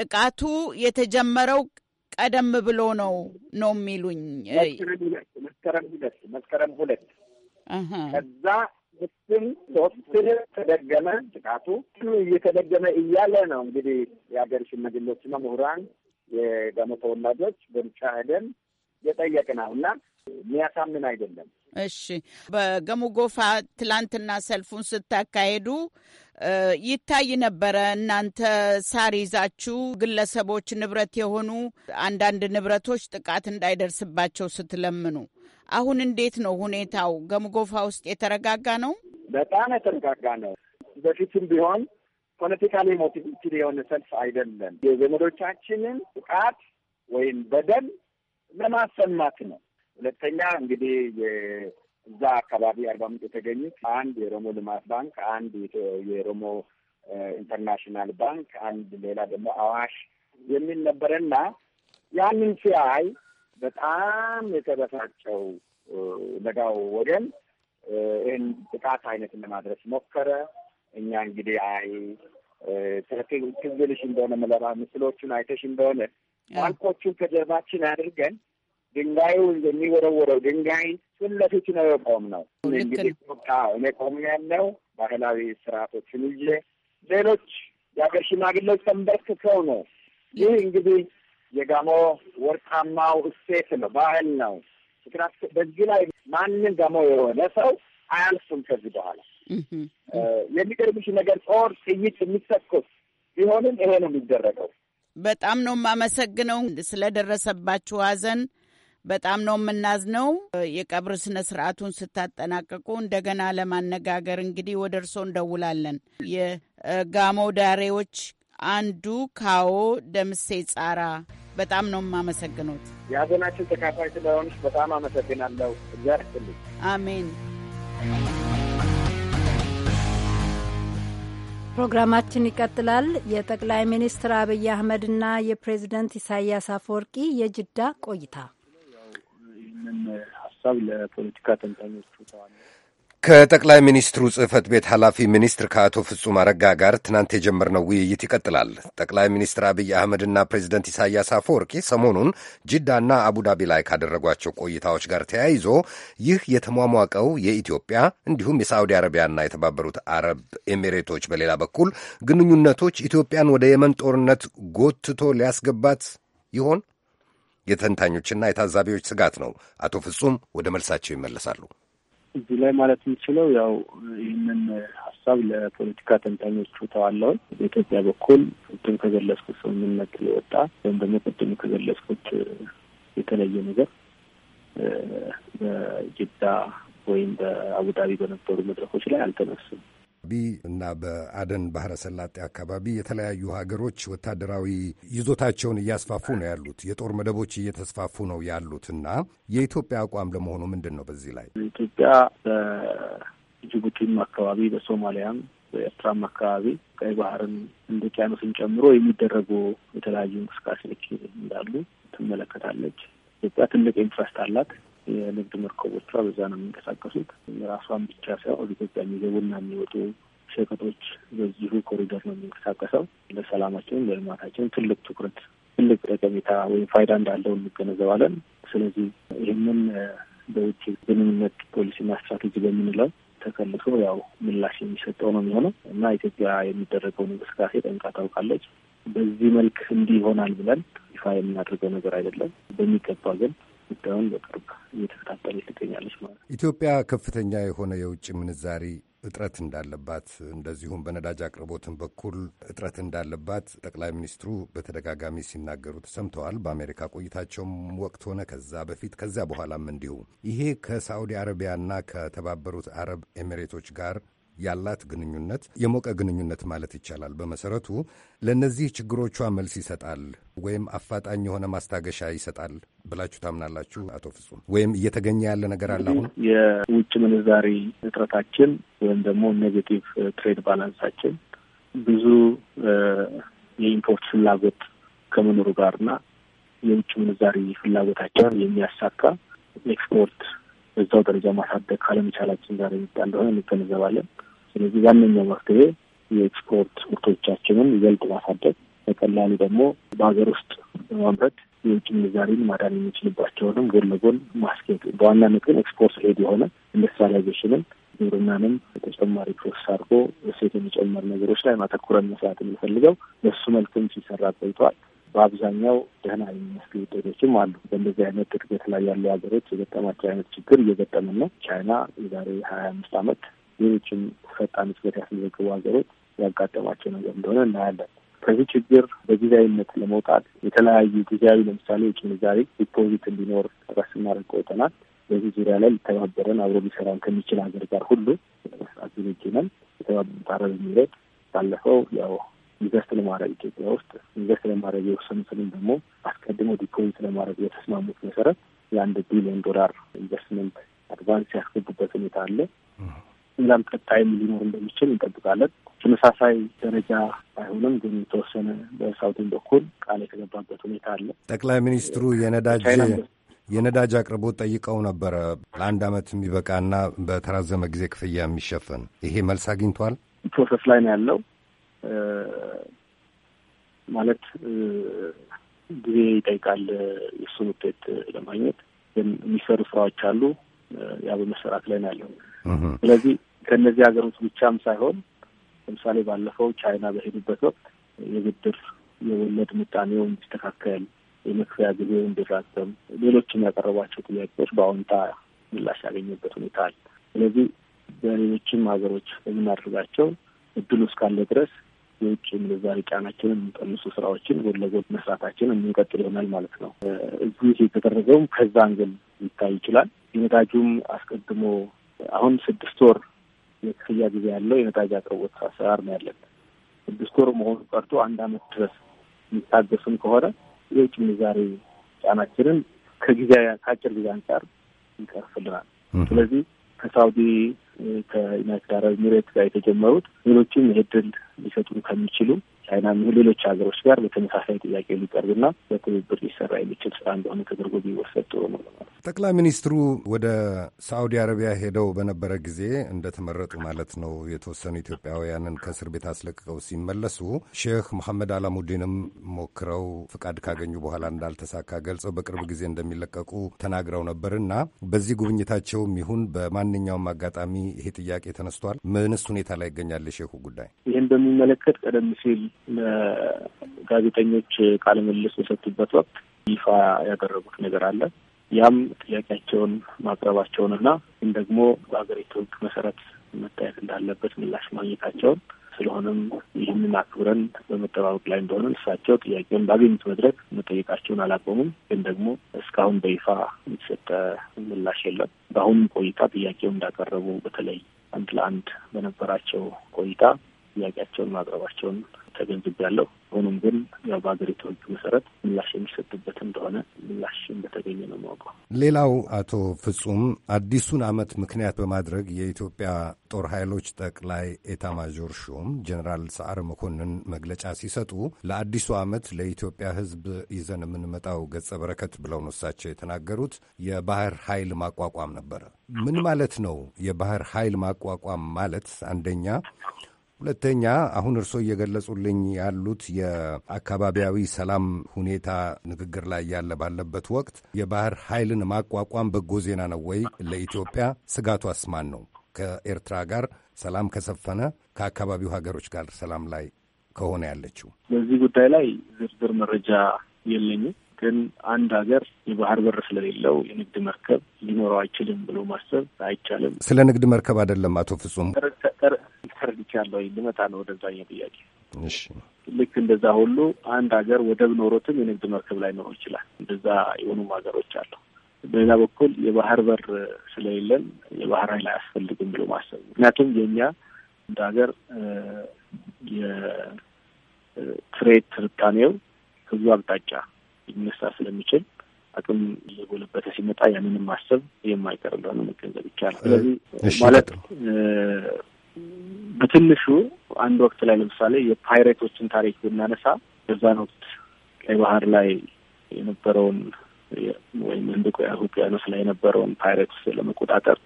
ጥቃቱ የተጀመረው ቀደም ብሎ ነው ነው የሚሉኝ። መስከረም ሁለት መስከረም ሁለት ከዛ እሱም ሶስትን ተደገመ ጥቃቱ እየተደገመ እያለ ነው እንግዲህ የሀገር ሽማግሌዎችና ምሁራን የጋሞ ተወላጆች በሩጫ ሄደን ነው እና የሚያሳምን አይደለም። እሺ፣ በገሙ ጎፋ ትላንትና ሰልፉን ስታካሄዱ ይታይ ነበረ። እናንተ ሳር ይዛችሁ ግለሰቦች ንብረት የሆኑ አንዳንድ ንብረቶች ጥቃት እንዳይደርስባቸው ስትለምኑ፣ አሁን እንዴት ነው ሁኔታው? ገሙ ጎፋ ውስጥ የተረጋጋ ነው? በጣም የተረጋጋ ነው። በፊትም ቢሆን ፖለቲካሊ ሞቲቬትድ የሆነ ሰልፍ አይደለም። የዘመዶቻችንን ጥቃት ወይም በደል ለማሰማት ነው ሁለተኛ እንግዲህ እዛ አካባቢ አርባ ምንጭ የተገኙት አንድ የኦሮሞ ልማት ባንክ፣ አንድ የኦሮሞ ኢንተርናሽናል ባንክ፣ አንድ ሌላ ደግሞ አዋሽ የሚል ነበረና ያንን ሲያይ በጣም የተበሳጨው ለጋው ወገን ይህን ጥቃት አይነት ለማድረስ ሞከረ። እኛ እንግዲህ አይ ትዝ እንደሆነ ምለባ ምስሎቹን አይተሽ እንደሆነ ባንኮቹን ከጀርባችን አድርገን ድንጋዩ የሚወረወረው ድንጋይ ፊት ለፊት ነው የቆም ነው። እንግዲህ እኔ ቆም ያለው ባህላዊ ስርዓቶችን ይዤ ሌሎች የሀገር ሽማግሌዎች ተንበርክከው ነው። ይህ እንግዲህ የጋሞ ወርቃማው እሴት ነው፣ ባህል ነው። ምክንያቱ በዚህ ላይ ማንም ጋሞ የሆነ ሰው አያልፍም። ከዚህ በኋላ የሚገርምሽ ነገር ጦር ጥይት የሚተኮስ ቢሆንም ይሄ ነው የሚደረገው። በጣም ነው የማመሰግነው ስለደረሰባችሁ ሐዘን በጣም ነው የምናዝነው። የቀብር ስነ ስርዓቱን ስታጠናቀቁ እንደገና ለማነጋገር እንግዲህ ወደ እርሶ እንደውላለን። የጋሞ ዳሬዎች አንዱ ካዎ ደምሴ ጻራ በጣም ነው የማመሰግኑት። የሀዘናችን ተካፋይ ስለሆንሽ በጣም አመሰግናለሁ። እግዚአብሔር ይስጥልኝ። አሜን። ፕሮግራማችን ይቀጥላል። የጠቅላይ ሚኒስትር አብይ አህመድና የፕሬዝደንት ኢሳያስ አፈወርቂ የጅዳ ቆይታ ይህንን ሀሳብ ለፖለቲካ ተንታኞቹ ከጠቅላይ ሚኒስትሩ ጽህፈት ቤት ኃላፊ ሚኒስትር ከአቶ ፍጹም አረጋ ጋር ትናንት የጀመርነው ውይይት ይቀጥላል። ጠቅላይ ሚኒስትር አብይ አህመድና ፕሬዚደንት ኢሳያስ አፈወርቂ ሰሞኑን ጅዳና አቡዳቢ ላይ ካደረጓቸው ቆይታዎች ጋር ተያይዞ ይህ የተሟሟቀው የኢትዮጵያ እንዲሁም የሳዑዲ አረቢያና የተባበሩት አረብ ኤሚሬቶች በሌላ በኩል ግንኙነቶች ኢትዮጵያን ወደ የመን ጦርነት ጎትቶ ሊያስገባት ይሆን? የተንታኞችና የታዛቢዎች ስጋት ነው። አቶ ፍጹም ወደ መልሳቸው ይመለሳሉ። እዚህ ላይ ማለት የምችለው ያው ይህንን ሀሳብ ለፖለቲካ ተንታኞቹ ተዋለውን በኢትዮጵያ በኩል ቅድም ከገለጽኩት ስምምነት የወጣ ወይም ደግሞ ቅድም ከገለጽኩት የተለየ ነገር በጅዳ ወይም በአቡዳቢ በነበሩ መድረኮች ላይ አልተነሱም። ቢ እና በአደን ባህረ ሰላጤ አካባቢ የተለያዩ ሀገሮች ወታደራዊ ይዞታቸውን እያስፋፉ ነው ያሉት፣ የጦር መደቦች እየተስፋፉ ነው ያሉት እና የኢትዮጵያ አቋም ለመሆኑ ምንድን ነው? በዚህ ላይ ኢትዮጵያ በጅቡቲም አካባቢ በሶማሊያም በኤርትራም አካባቢ ቀይ ባህርን ህንድ ውቅያኖስን ጨምሮ የሚደረጉ የተለያዩ እንቅስቃሴዎች እንዳሉ ትመለከታለች። ኢትዮጵያ ትልቅ ኢንትረስት አላት። የንግድ መርከቦቿ በዛ ነው የሚንቀሳቀሱት። የራሷን ብቻ ሳይሆን ወደ ኢትዮጵያ የሚገቡና የሚወጡ ሸቀጦች በዚሁ ኮሪደር ነው የሚንቀሳቀሰው። ለሰላማችንም ለልማታችንም ትልቅ ትኩረት ትልቅ ጠቀሜታ ወይም ፋይዳ እንዳለው እንገነዘባለን። ስለዚህ ይህንን በውጭ ግንኙነት ፖሊሲና ስትራቴጂ በምንለው ተከልሶ ያው ምላሽ የሚሰጠው ነው የሚሆነው እና ኢትዮጵያ የሚደረገውን እንቅስቃሴ ጠንቃ ታውቃለች። በዚህ መልክ እንዲህ ይሆናል ብለን ይፋ የምናደርገው ነገር አይደለም። በሚገባ ግን ጉዳዩን በቅርብ እየተከታተለች ትገኛለች ማለት ነው። ኢትዮጵያ ከፍተኛ የሆነ የውጭ ምንዛሪ እጥረት እንዳለባት እንደዚሁም በነዳጅ አቅርቦትን በኩል እጥረት እንዳለባት ጠቅላይ ሚኒስትሩ በተደጋጋሚ ሲናገሩ ተሰምተዋል። በአሜሪካ ቆይታቸውም ወቅት ሆነ ከዛ በፊት ከዚያ በኋላም እንዲሁ ይሄ ከሳዑዲ አረቢያና ከተባበሩት አረብ ኤሚሬቶች ጋር ያላት ግንኙነት የሞቀ ግንኙነት ማለት ይቻላል በመሰረቱ ለእነዚህ ችግሮቿ መልስ ይሰጣል ወይም አፋጣኝ የሆነ ማስታገሻ ይሰጣል ብላችሁ ታምናላችሁ? አቶ ፍጹም፣ ወይም እየተገኘ ያለ ነገር አለ? አሁን የውጭ ምንዛሪ እጥረታችን ወይም ደግሞ ኔጌቲቭ ትሬድ ባላንሳችን ብዙ የኢምፖርት ፍላጎት ከመኖሩ ጋርና የውጭ ምንዛሪ ፍላጎታቸውን የሚያሳካ ኤክስፖርት በዛው ደረጃ ማሳደግ ካለመቻላችን ጋር የሚጣ እንደሆነ እንገነዘባለን። ስለዚህ ዋነኛው መፍትሄ የኤክስፖርት ምርቶቻችንን ይበልጥ ማሳደግ፣ በቀላሉ ደግሞ በሀገር ውስጥ ማምረት የውጭ ምንዛሪን ማዳን የሚችልባቸውንም ጎን ለጎን ማስኬድ፣ በዋናነት ግን ኤክስፖርት ሄድ የሆነ ኢንዱስትሪያላይዜሽንን ግብርናንም ተጨማሪ ፕሮሰስ አድርጎ እሴት የሚጨመር ነገሮች ላይ ማተኩረን መስራት የሚፈልገው በሱ መልክም ሲሰራ ቆይተዋል። በአብዛኛው ደህና የሚመስሉ ውጤቶችም አሉ። በእንደዚህ አይነት እድገት ላይ ያሉ ሀገሮች የገጠማቸው አይነት ችግር እየገጠምን ነው። ቻይና የዛሬ ሀያ አምስት አመት ሌሎችም ፈጣን እድገት ያስመዘገቡ ሀገሮች ያጋጠማቸው ነገር እንደሆነ እናያለን። ከዚህ ችግር በጊዜያዊነት ለመውጣት የተለያዩ ጊዜያዊ ለምሳሌ የውጭ ምንዛሪ ዲፖዚት እንዲኖር ጥረት ስናደርግ ቆይተናል። በዚህ ዙሪያ ላይ ሊተባበረን አብሮ ሊሰራን ከሚችል ሀገር ጋር ሁሉ መስራት ዝግጁ ነን። የተባበሩት አረብ ባለፈው ያው ኢንቨስት ለማድረግ ኢትዮጵያ ውስጥ ኢንቨስት ለማድረግ የወሰኑ የወሰኑትንም ደግሞ አስቀድሞ ዲፖዚት ለማድረግ የተስማሙት መሰረት የአንድ ቢሊዮን ዶላር ኢንቨስትመንት አድቫንስ ያስገቡበት ሁኔታ አለ። እዛም ቀጣይም ሊኖር እንደሚችል እንጠብቃለን። ተመሳሳይ ደረጃ ባይሆንም ግን የተወሰነ በሳውዲን በኩል ቃል የተገባበት ሁኔታ አለ። ጠቅላይ ሚኒስትሩ የነዳጅ የነዳጅ አቅርቦት ጠይቀው ነበረ ለአንድ ዓመት የሚበቃና በተራዘመ ጊዜ ክፍያ የሚሸፈን ይሄ መልስ አግኝቷል። ፕሮሰስ ላይ ነው ያለው ማለት ጊዜ ይጠይቃል የእሱን ውጤት ለማግኘት ግን የሚሰሩ ስራዎች አሉ። ያ በመሰራት ላይ ነው ያለው። ስለዚህ ከእነዚህ ሀገሮች ብቻም ሳይሆን ለምሳሌ ባለፈው ቻይና በሄዱበት ወቅት የብድር የወለድ ምጣኔው እንዲስተካከል፣ የመክፈያ ጊዜው እንዲራዘም፣ ሌሎችም ያቀረቧቸው ጥያቄዎች በአዎንታ ምላሽ ያገኘበት ሁኔታ አለ። ስለዚህ በሌሎችም ሀገሮች የምናደርጋቸው እድሉ እስካለ ድረስ የውጭ ምንዛሪ ጫናችንን የሚቀንሱ ስራዎችን ጎን ለጎን መስራታችን የምንቀጥል ይሆናል ማለት ነው። እዚህ የተደረገውም ከዛ አንገል ሊታይ ይችላል። የነዳጁም አስቀድሞ አሁን ስድስት ወር የክፍያ ጊዜ ያለው የነዳጅ አቅርቦት አሰራር ነው ያለን። ስድስት ወር መሆኑ ቀርቶ አንድ አመት ድረስ የሚታገሱን ከሆነ የውጭ ምንዛሬ ጫናችንን ከጊዜ ከአጭር ጊዜ አንጻር ይቀርፍልናል። ስለዚህ ከሳውዲ ከዩናይትድ አረብ ኤሚሬት ጋር የተጀመሩት ሌሎችም ይሄ ድል ሊሰጡን ከሚችሉ ከቻይና ሌሎች ሀገሮች ጋር በተመሳሳይ ጥያቄ ሊቀርብና በትብብር ሊሰራ የሚችል ስራ እንደሆነ ተደርጎ ቢወሰድ ጥሩ ነው። ጠቅላይ ሚኒስትሩ ወደ ሳዑዲ አረቢያ ሄደው በነበረ ጊዜ እንደተመረጡ ማለት ነው የተወሰኑ ኢትዮጵያውያንን ከእስር ቤት አስለቅቀው ሲመለሱ ሼህ መሐመድ አላሙዲንም ሞክረው ፍቃድ ካገኙ በኋላ እንዳልተሳካ ገልጸው በቅርብ ጊዜ እንደሚለቀቁ ተናግረው ነበርና በዚህ ጉብኝታቸውም ይሁን በማንኛውም አጋጣሚ ይሄ ጥያቄ ተነስቷል። ምንስ ሁኔታ ላይ ይገኛል የሼሁ ጉዳይ? ይህን በሚመለከት ቀደም ሲል ለጋዜጠኞች ቃለ ምልልስ በሰጡበት ወቅት ይፋ ያደረጉት ነገር አለ። ያም ጥያቄያቸውን ማቅረባቸውን እና ግን ደግሞ በሀገሪቱ ሕግ መሰረት መታየት እንዳለበት ምላሽ ማግኘታቸውን ስለሆነም ይህንን አክብረን በመጠባበቅ ላይ እንደሆነ እሳቸው ጥያቄውን ባገኙት መድረክ መጠየቃቸውን አላቆሙም። ግን ደግሞ እስካሁን በይፋ የተሰጠ ምላሽ የለም። በአሁኑ ቆይታ ጥያቄው እንዳቀረቡ በተለይ አንድ ለአንድ በነበራቸው ቆይታ ጥያቄያቸውን ማቅረባቸውን ያለው ሆኖም ግን ያው በሀገሪቱ ሕግ መሰረት ምላሽ የሚሰጥበት እንደሆነ ምላሽ እንደተገኘ ነው የማውቀው። ሌላው አቶ ፍጹም አዲሱን ዓመት ምክንያት በማድረግ የኢትዮጵያ ጦር ኃይሎች ጠቅላይ ማዦር ሹም ጀኔራል ሰዓረ መኮንን መግለጫ ሲሰጡ ለአዲሱ ዓመት ለኢትዮጵያ ሕዝብ ይዘን የምንመጣው ገጸ በረከት ብለው ነው እሳቸው የተናገሩት የባህር ኃይል ማቋቋም ነበረ። ምን ማለት ነው የባህር ኃይል ማቋቋም ማለት? አንደኛ ሁለተኛ አሁን እርስዎ እየገለጹልኝ ያሉት የአካባቢያዊ ሰላም ሁኔታ ንግግር ላይ ያለ ባለበት ወቅት የባህር ኃይልን ማቋቋም በጎ ዜና ነው ወይ ለኢትዮጵያ? ስጋቱ አስማን ነው? ከኤርትራ ጋር ሰላም ከሰፈነ ከአካባቢው ሀገሮች ጋር ሰላም ላይ ከሆነ ያለችው በዚህ ጉዳይ ላይ ዝርዝር መረጃ የለኝም። ግን አንድ ሀገር የባህር በር ስለሌለው የንግድ መርከብ ሊኖረው አይችልም ብሎ ማሰብ አይቻልም። ስለ ንግድ መርከብ አይደለም አቶ ፍጹም ተረድቻለሁ። ልመጣ ነው ወደዛኛው ጥያቄ። እሺ ልክ እንደዛ ሁሉ አንድ ሀገር ወደብ ኖሮትም የንግድ መርከብ ላይ ኖሮ ይችላል። እንደዛ የሆኑም ሀገሮች አሉ። በሌላ በኩል የባህር በር ስለሌለን የባህር ኃይል አያስፈልግም ብሎ ማሰብ ምክንያቱም የእኛ እንደ ሀገር የትሬድ ትንታኔው ህዝቡ አቅጣጫ ሊነሳ ስለሚችል አቅም እየጎለበተ ሲመጣ ያንንም ማሰብ የማይቀር እንደሆነ መገንዘብ ይቻላል። ስለዚህ ማለት በትንሹ አንድ ወቅት ላይ ለምሳሌ የፓይሬቶችን ታሪክ ብናነሳ በዛን ወቅት ቀይ ባህር ላይ የነበረውን ወይም ህንድ ውቅያኖስ ላይ የነበረውን ፓይሬትስ ለመቆጣጠር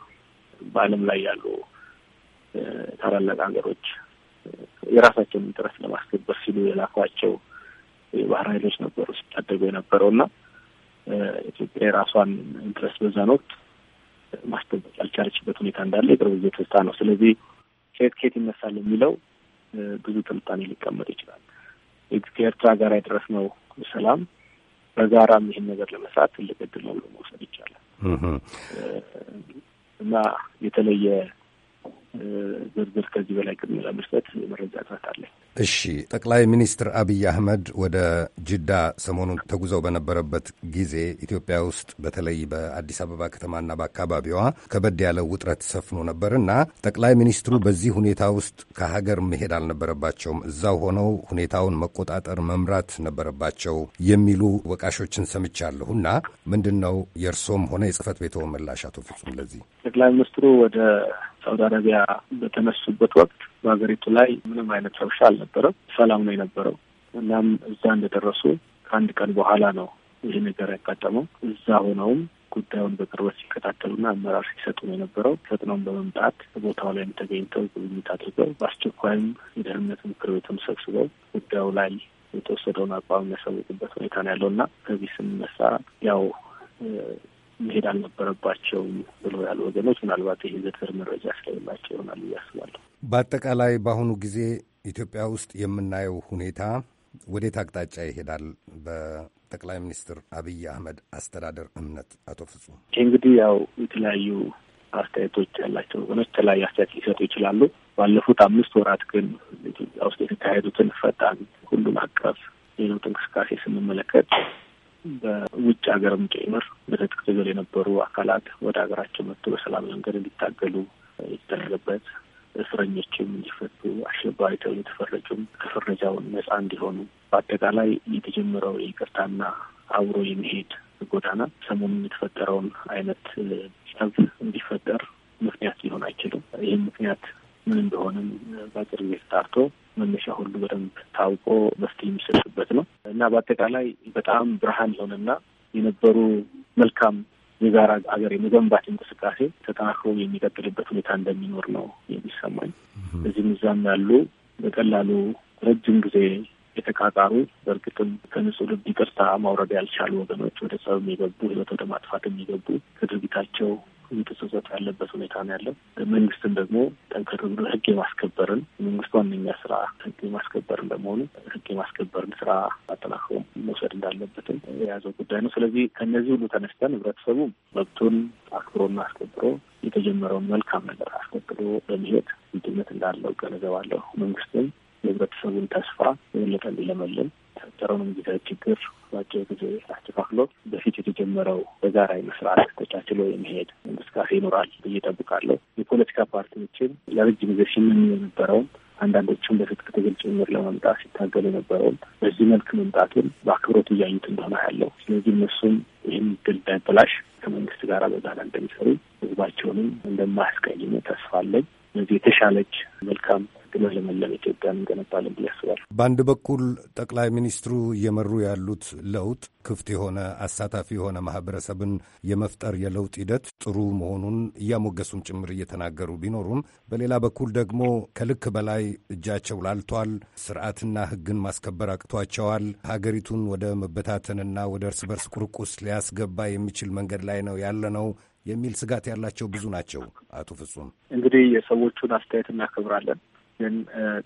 በዓለም ላይ ያሉ ታላላቅ ሀገሮች የራሳቸውን ጥረት ለማስከበር ሲሉ የላኳቸው የባህር ኃይሎች ነበሩ ሲታደጉ የነበረው እና ኢትዮጵያ የራሷን ኢንትረስት በዛን ወቅት ማስጠበቅ ያልቻለችበት ሁኔታ እንዳለ የቅርብ ጊዜ ትዝታ ነው። ስለዚህ ከየት ከየት ይነሳል የሚለው ብዙ ትንታኔ ሊቀመጥ ይችላል። ከኤርትራ ጋር የደረስነው ሰላም በጋራም ይህን ነገር ለመስራት ትልቅ እድል ነው ብሎ መውሰድ ይቻላል እና የተለየ ዝርዝር ከዚህ በላይ ቅድመ ለመስጠት መረጃ እጥረት አለ። እሺ፣ ጠቅላይ ሚኒስትር አብይ አህመድ ወደ ጅዳ ሰሞኑን ተጉዘው በነበረበት ጊዜ ኢትዮጵያ ውስጥ በተለይ በአዲስ አበባ ከተማና በአካባቢዋ ከበድ ያለ ውጥረት ሰፍኖ ነበር እና ጠቅላይ ሚኒስትሩ በዚህ ሁኔታ ውስጥ ከሀገር መሄድ አልነበረባቸውም፣ እዛው ሆነው ሁኔታውን መቆጣጠር መምራት ነበረባቸው የሚሉ ወቃሾችን ሰምቻለሁ እና ምንድን ነው የእርሶም ሆነ የጽህፈት ቤቶ ምላሽ አቶ ፍጹም ለዚህ ጠቅላይ ሚኒስትሩ ወደ ሳውዲ አረቢያ በተነሱበት ወቅት በሀገሪቱ ላይ ምንም አይነት ረብሻ አልነበረም። ሰላም ነው የነበረው። እናም እዛ እንደደረሱ ከአንድ ቀን በኋላ ነው ይህ ነገር ያጋጠመው። እዛ ሆነውም ጉዳዩን በቅርበት ሲከታተሉና አመራር ሲሰጡ ነው የነበረው። ፈጥነውን በመምጣት ቦታው ላይም ተገኝተው ጉብኝት አድርገው በአስቸኳይም የደህንነት ምክር ቤትም ሰብስበው ጉዳዩ ላይ የተወሰደውን አቋም የሚያሳውቁበት ሁኔታ ነው ያለው እና ከዚህ ስንነሳ ያው መሄድ አልነበረባቸውም ብሎ ያሉ ወገኖች ምናልባት ይህ ዝርዝር መረጃ ስለሌላቸው ይሆናል እያስባለሁ። በአጠቃላይ በአሁኑ ጊዜ ኢትዮጵያ ውስጥ የምናየው ሁኔታ ወዴት አቅጣጫ ይሄዳል? በጠቅላይ ሚኒስትር አብይ አህመድ አስተዳደር እምነት አቶ ፍጹም? ይህ እንግዲህ ያው የተለያዩ አስተያየቶች ያላቸው ወገኖች የተለያዩ አስተያየት ሊሰጡ ይችላሉ። ባለፉት አምስት ወራት ግን ኢትዮጵያ ውስጥ የተካሄዱትን ፈጣን ሁሉን አቀፍ የለውጥ እንቅስቃሴ ስንመለከት በውጭ ሀገርም ጭምር በትጥቅ ትግል የነበሩ አካላት ወደ ሀገራቸው መጥቶ በሰላም መንገድ እንዲታገሉ የተደረገበት እስረኞችም እንዲፈቱ አሸባሪ ተብሎ የተፈረጁም ከፍረጃውን ነጻ እንዲሆኑ በአጠቃላይ የተጀመረው የቅርታና አብሮ የሚሄድ ጎዳና ሰሞኑን የተፈጠረውን አይነት ጸብ እንዲፈጠር ምክንያት ሊሆን አይችልም። ይህም ምክንያት ምን እንደሆነም በአጭር ጊዜ ተጣርቶ መነሻ ሁሉ በደንብ ታውቆ መፍትሄ የሚሰጥበት ነው እና በአጠቃላይ በጣም ብርሃን የሆነና የነበሩ መልካም የጋራ አገር የመገንባት እንቅስቃሴ ተጠናክሮ የሚቀጥልበት ሁኔታ እንደሚኖር ነው የሚሰማኝ። እዚህም እዛም ያሉ በቀላሉ ረጅም ጊዜ የተቃጣሩ በእርግጥም ከንጹህ ልብ ይቅርታ ማውረድ ያልቻሉ ወገኖች ወደ ጸብ የሚገቡ ህይወት ወደ ማጥፋት የሚገቡ ከድርጊታቸው እንቅስቀሳት ያለበት ሁኔታ ነው ያለው። መንግስትን ደግሞ ጠንከር ብሎ ህግ የማስከበርን መንግስት ዋነኛ ስራ ህግ የማስከበርን በመሆኑ ህግ የማስከበርን ስራ አጠናክሮ መውሰድ እንዳለበትም የያዘው ጉዳይ ነው። ስለዚህ ከእነዚህ ሁሉ ተነስተን ህብረተሰቡ መብቱን አክብሮና አስከብሮ የተጀመረውን መልካም ነገር አስቀጥሎ በመሄድ ምድነት እንዳለው ገነዘባለሁ። መንግስትም የህብረተሰቡን ተስፋ የበለጠ እንዲለመልን የተፈጠረውን ጊዜ ችግር ባቸው ጊዜ አስተካክሎ በፊት የተጀመረው በጋራ መስራት ተቻችሎ የመሄድ እንቅስቃሴ ይኖራል ብዬ እጠብቃለሁ። የፖለቲካ ፓርቲዎችን ለረጅም ጊዜ ሲመኙ የነበረውን አንዳንዶቹም በትጥቅ ትግል ጭምር ለመምጣት ሲታገል የነበረውን በዚህ መልክ መምጣቱን በአክብሮት እያዩት እንደሆነ ያለው። ስለዚህ እነሱም ይህን ድል እንዳይበላሽ ከመንግስት ጋር በጋራ እንደሚሰሩ ህዝባቸውንም እንደማያስቀይሙ ተስፋ አለኝ። ስለዚህ የተሻለች መልካም ለመለም ኢትዮጵያ እንገነባለን ብዬ አስባለሁ። በአንድ በኩል ጠቅላይ ሚኒስትሩ እየመሩ ያሉት ለውጥ ክፍት የሆነ አሳታፊ የሆነ ማህበረሰብን የመፍጠር የለውጥ ሂደት ጥሩ መሆኑን እያሞገሱም ጭምር እየተናገሩ ቢኖሩም በሌላ በኩል ደግሞ ከልክ በላይ እጃቸው ላልቷል፣ ስርዓትና ህግን ማስከበር አቅቷቸዋል፣ ሀገሪቱን ወደ መበታተንና ወደ እርስ በርስ ቁርቁስ ሊያስገባ የሚችል መንገድ ላይ ነው ያለነው የሚል ስጋት ያላቸው ብዙ ናቸው። አቶ ፍጹም እንግዲህ የሰዎቹን አስተያየት እናከብራለን። ግን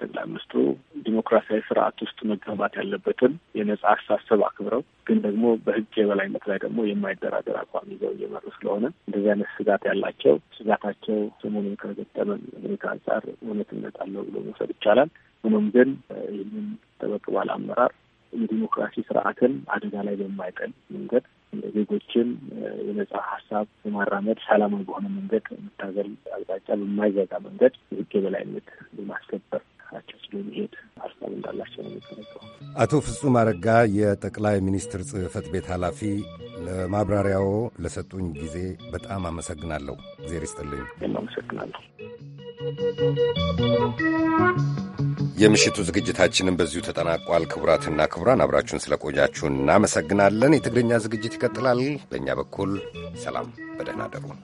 ጠቅላይ ሚኒስትሩ ዲሞክራሲያዊ ስርዓት ውስጥ መገንባት ያለበትን የነጻ አሳሰብ አክብረው ግን ደግሞ በህግ የበላይነት ላይ ደግሞ የማይደራደር አቋም ይዘው እየመሩ ስለሆነ እንደዚህ አይነት ስጋት ያላቸው ስጋታቸው ሰሞኑን ከገጠመን ሁኔታ አንጻር እውነትነት አለው ብሎ መውሰድ ይቻላል። ሆኖም ግን ይህንን ጠበቅ ባለ አመራር የዲሞክራሲ ስርዓትን አደጋ ላይ በማይጠል መንገድ ዜጎችን የነጻ ሀሳብ በማራመድ ሰላማዊ በሆነ መንገድ የመታገል አቅጣጫ በማይዘጋ መንገድ ህግ የበላይነት በማስከበር ሀሳባቸው ስለሚሄድ ሀሳብ እንዳላቸው ነው የሚገለጸው። አቶ ፍጹም አረጋ የጠቅላይ ሚኒስትር ጽህፈት ቤት ኃላፊ፣ ለማብራሪያዎ ለሰጡኝ ጊዜ በጣም አመሰግናለሁ። እግዜር ይስጥልኝ። አመሰግናለሁ። የምሽቱ ዝግጅታችንን በዚሁ ተጠናቋል። ክቡራትና ክቡራን አብራችሁን ስለ ቆያችሁ እናመሰግናለን። የትግርኛ ዝግጅት ይቀጥላል። በእኛ በኩል ሰላም፣ በደህና አደሩ።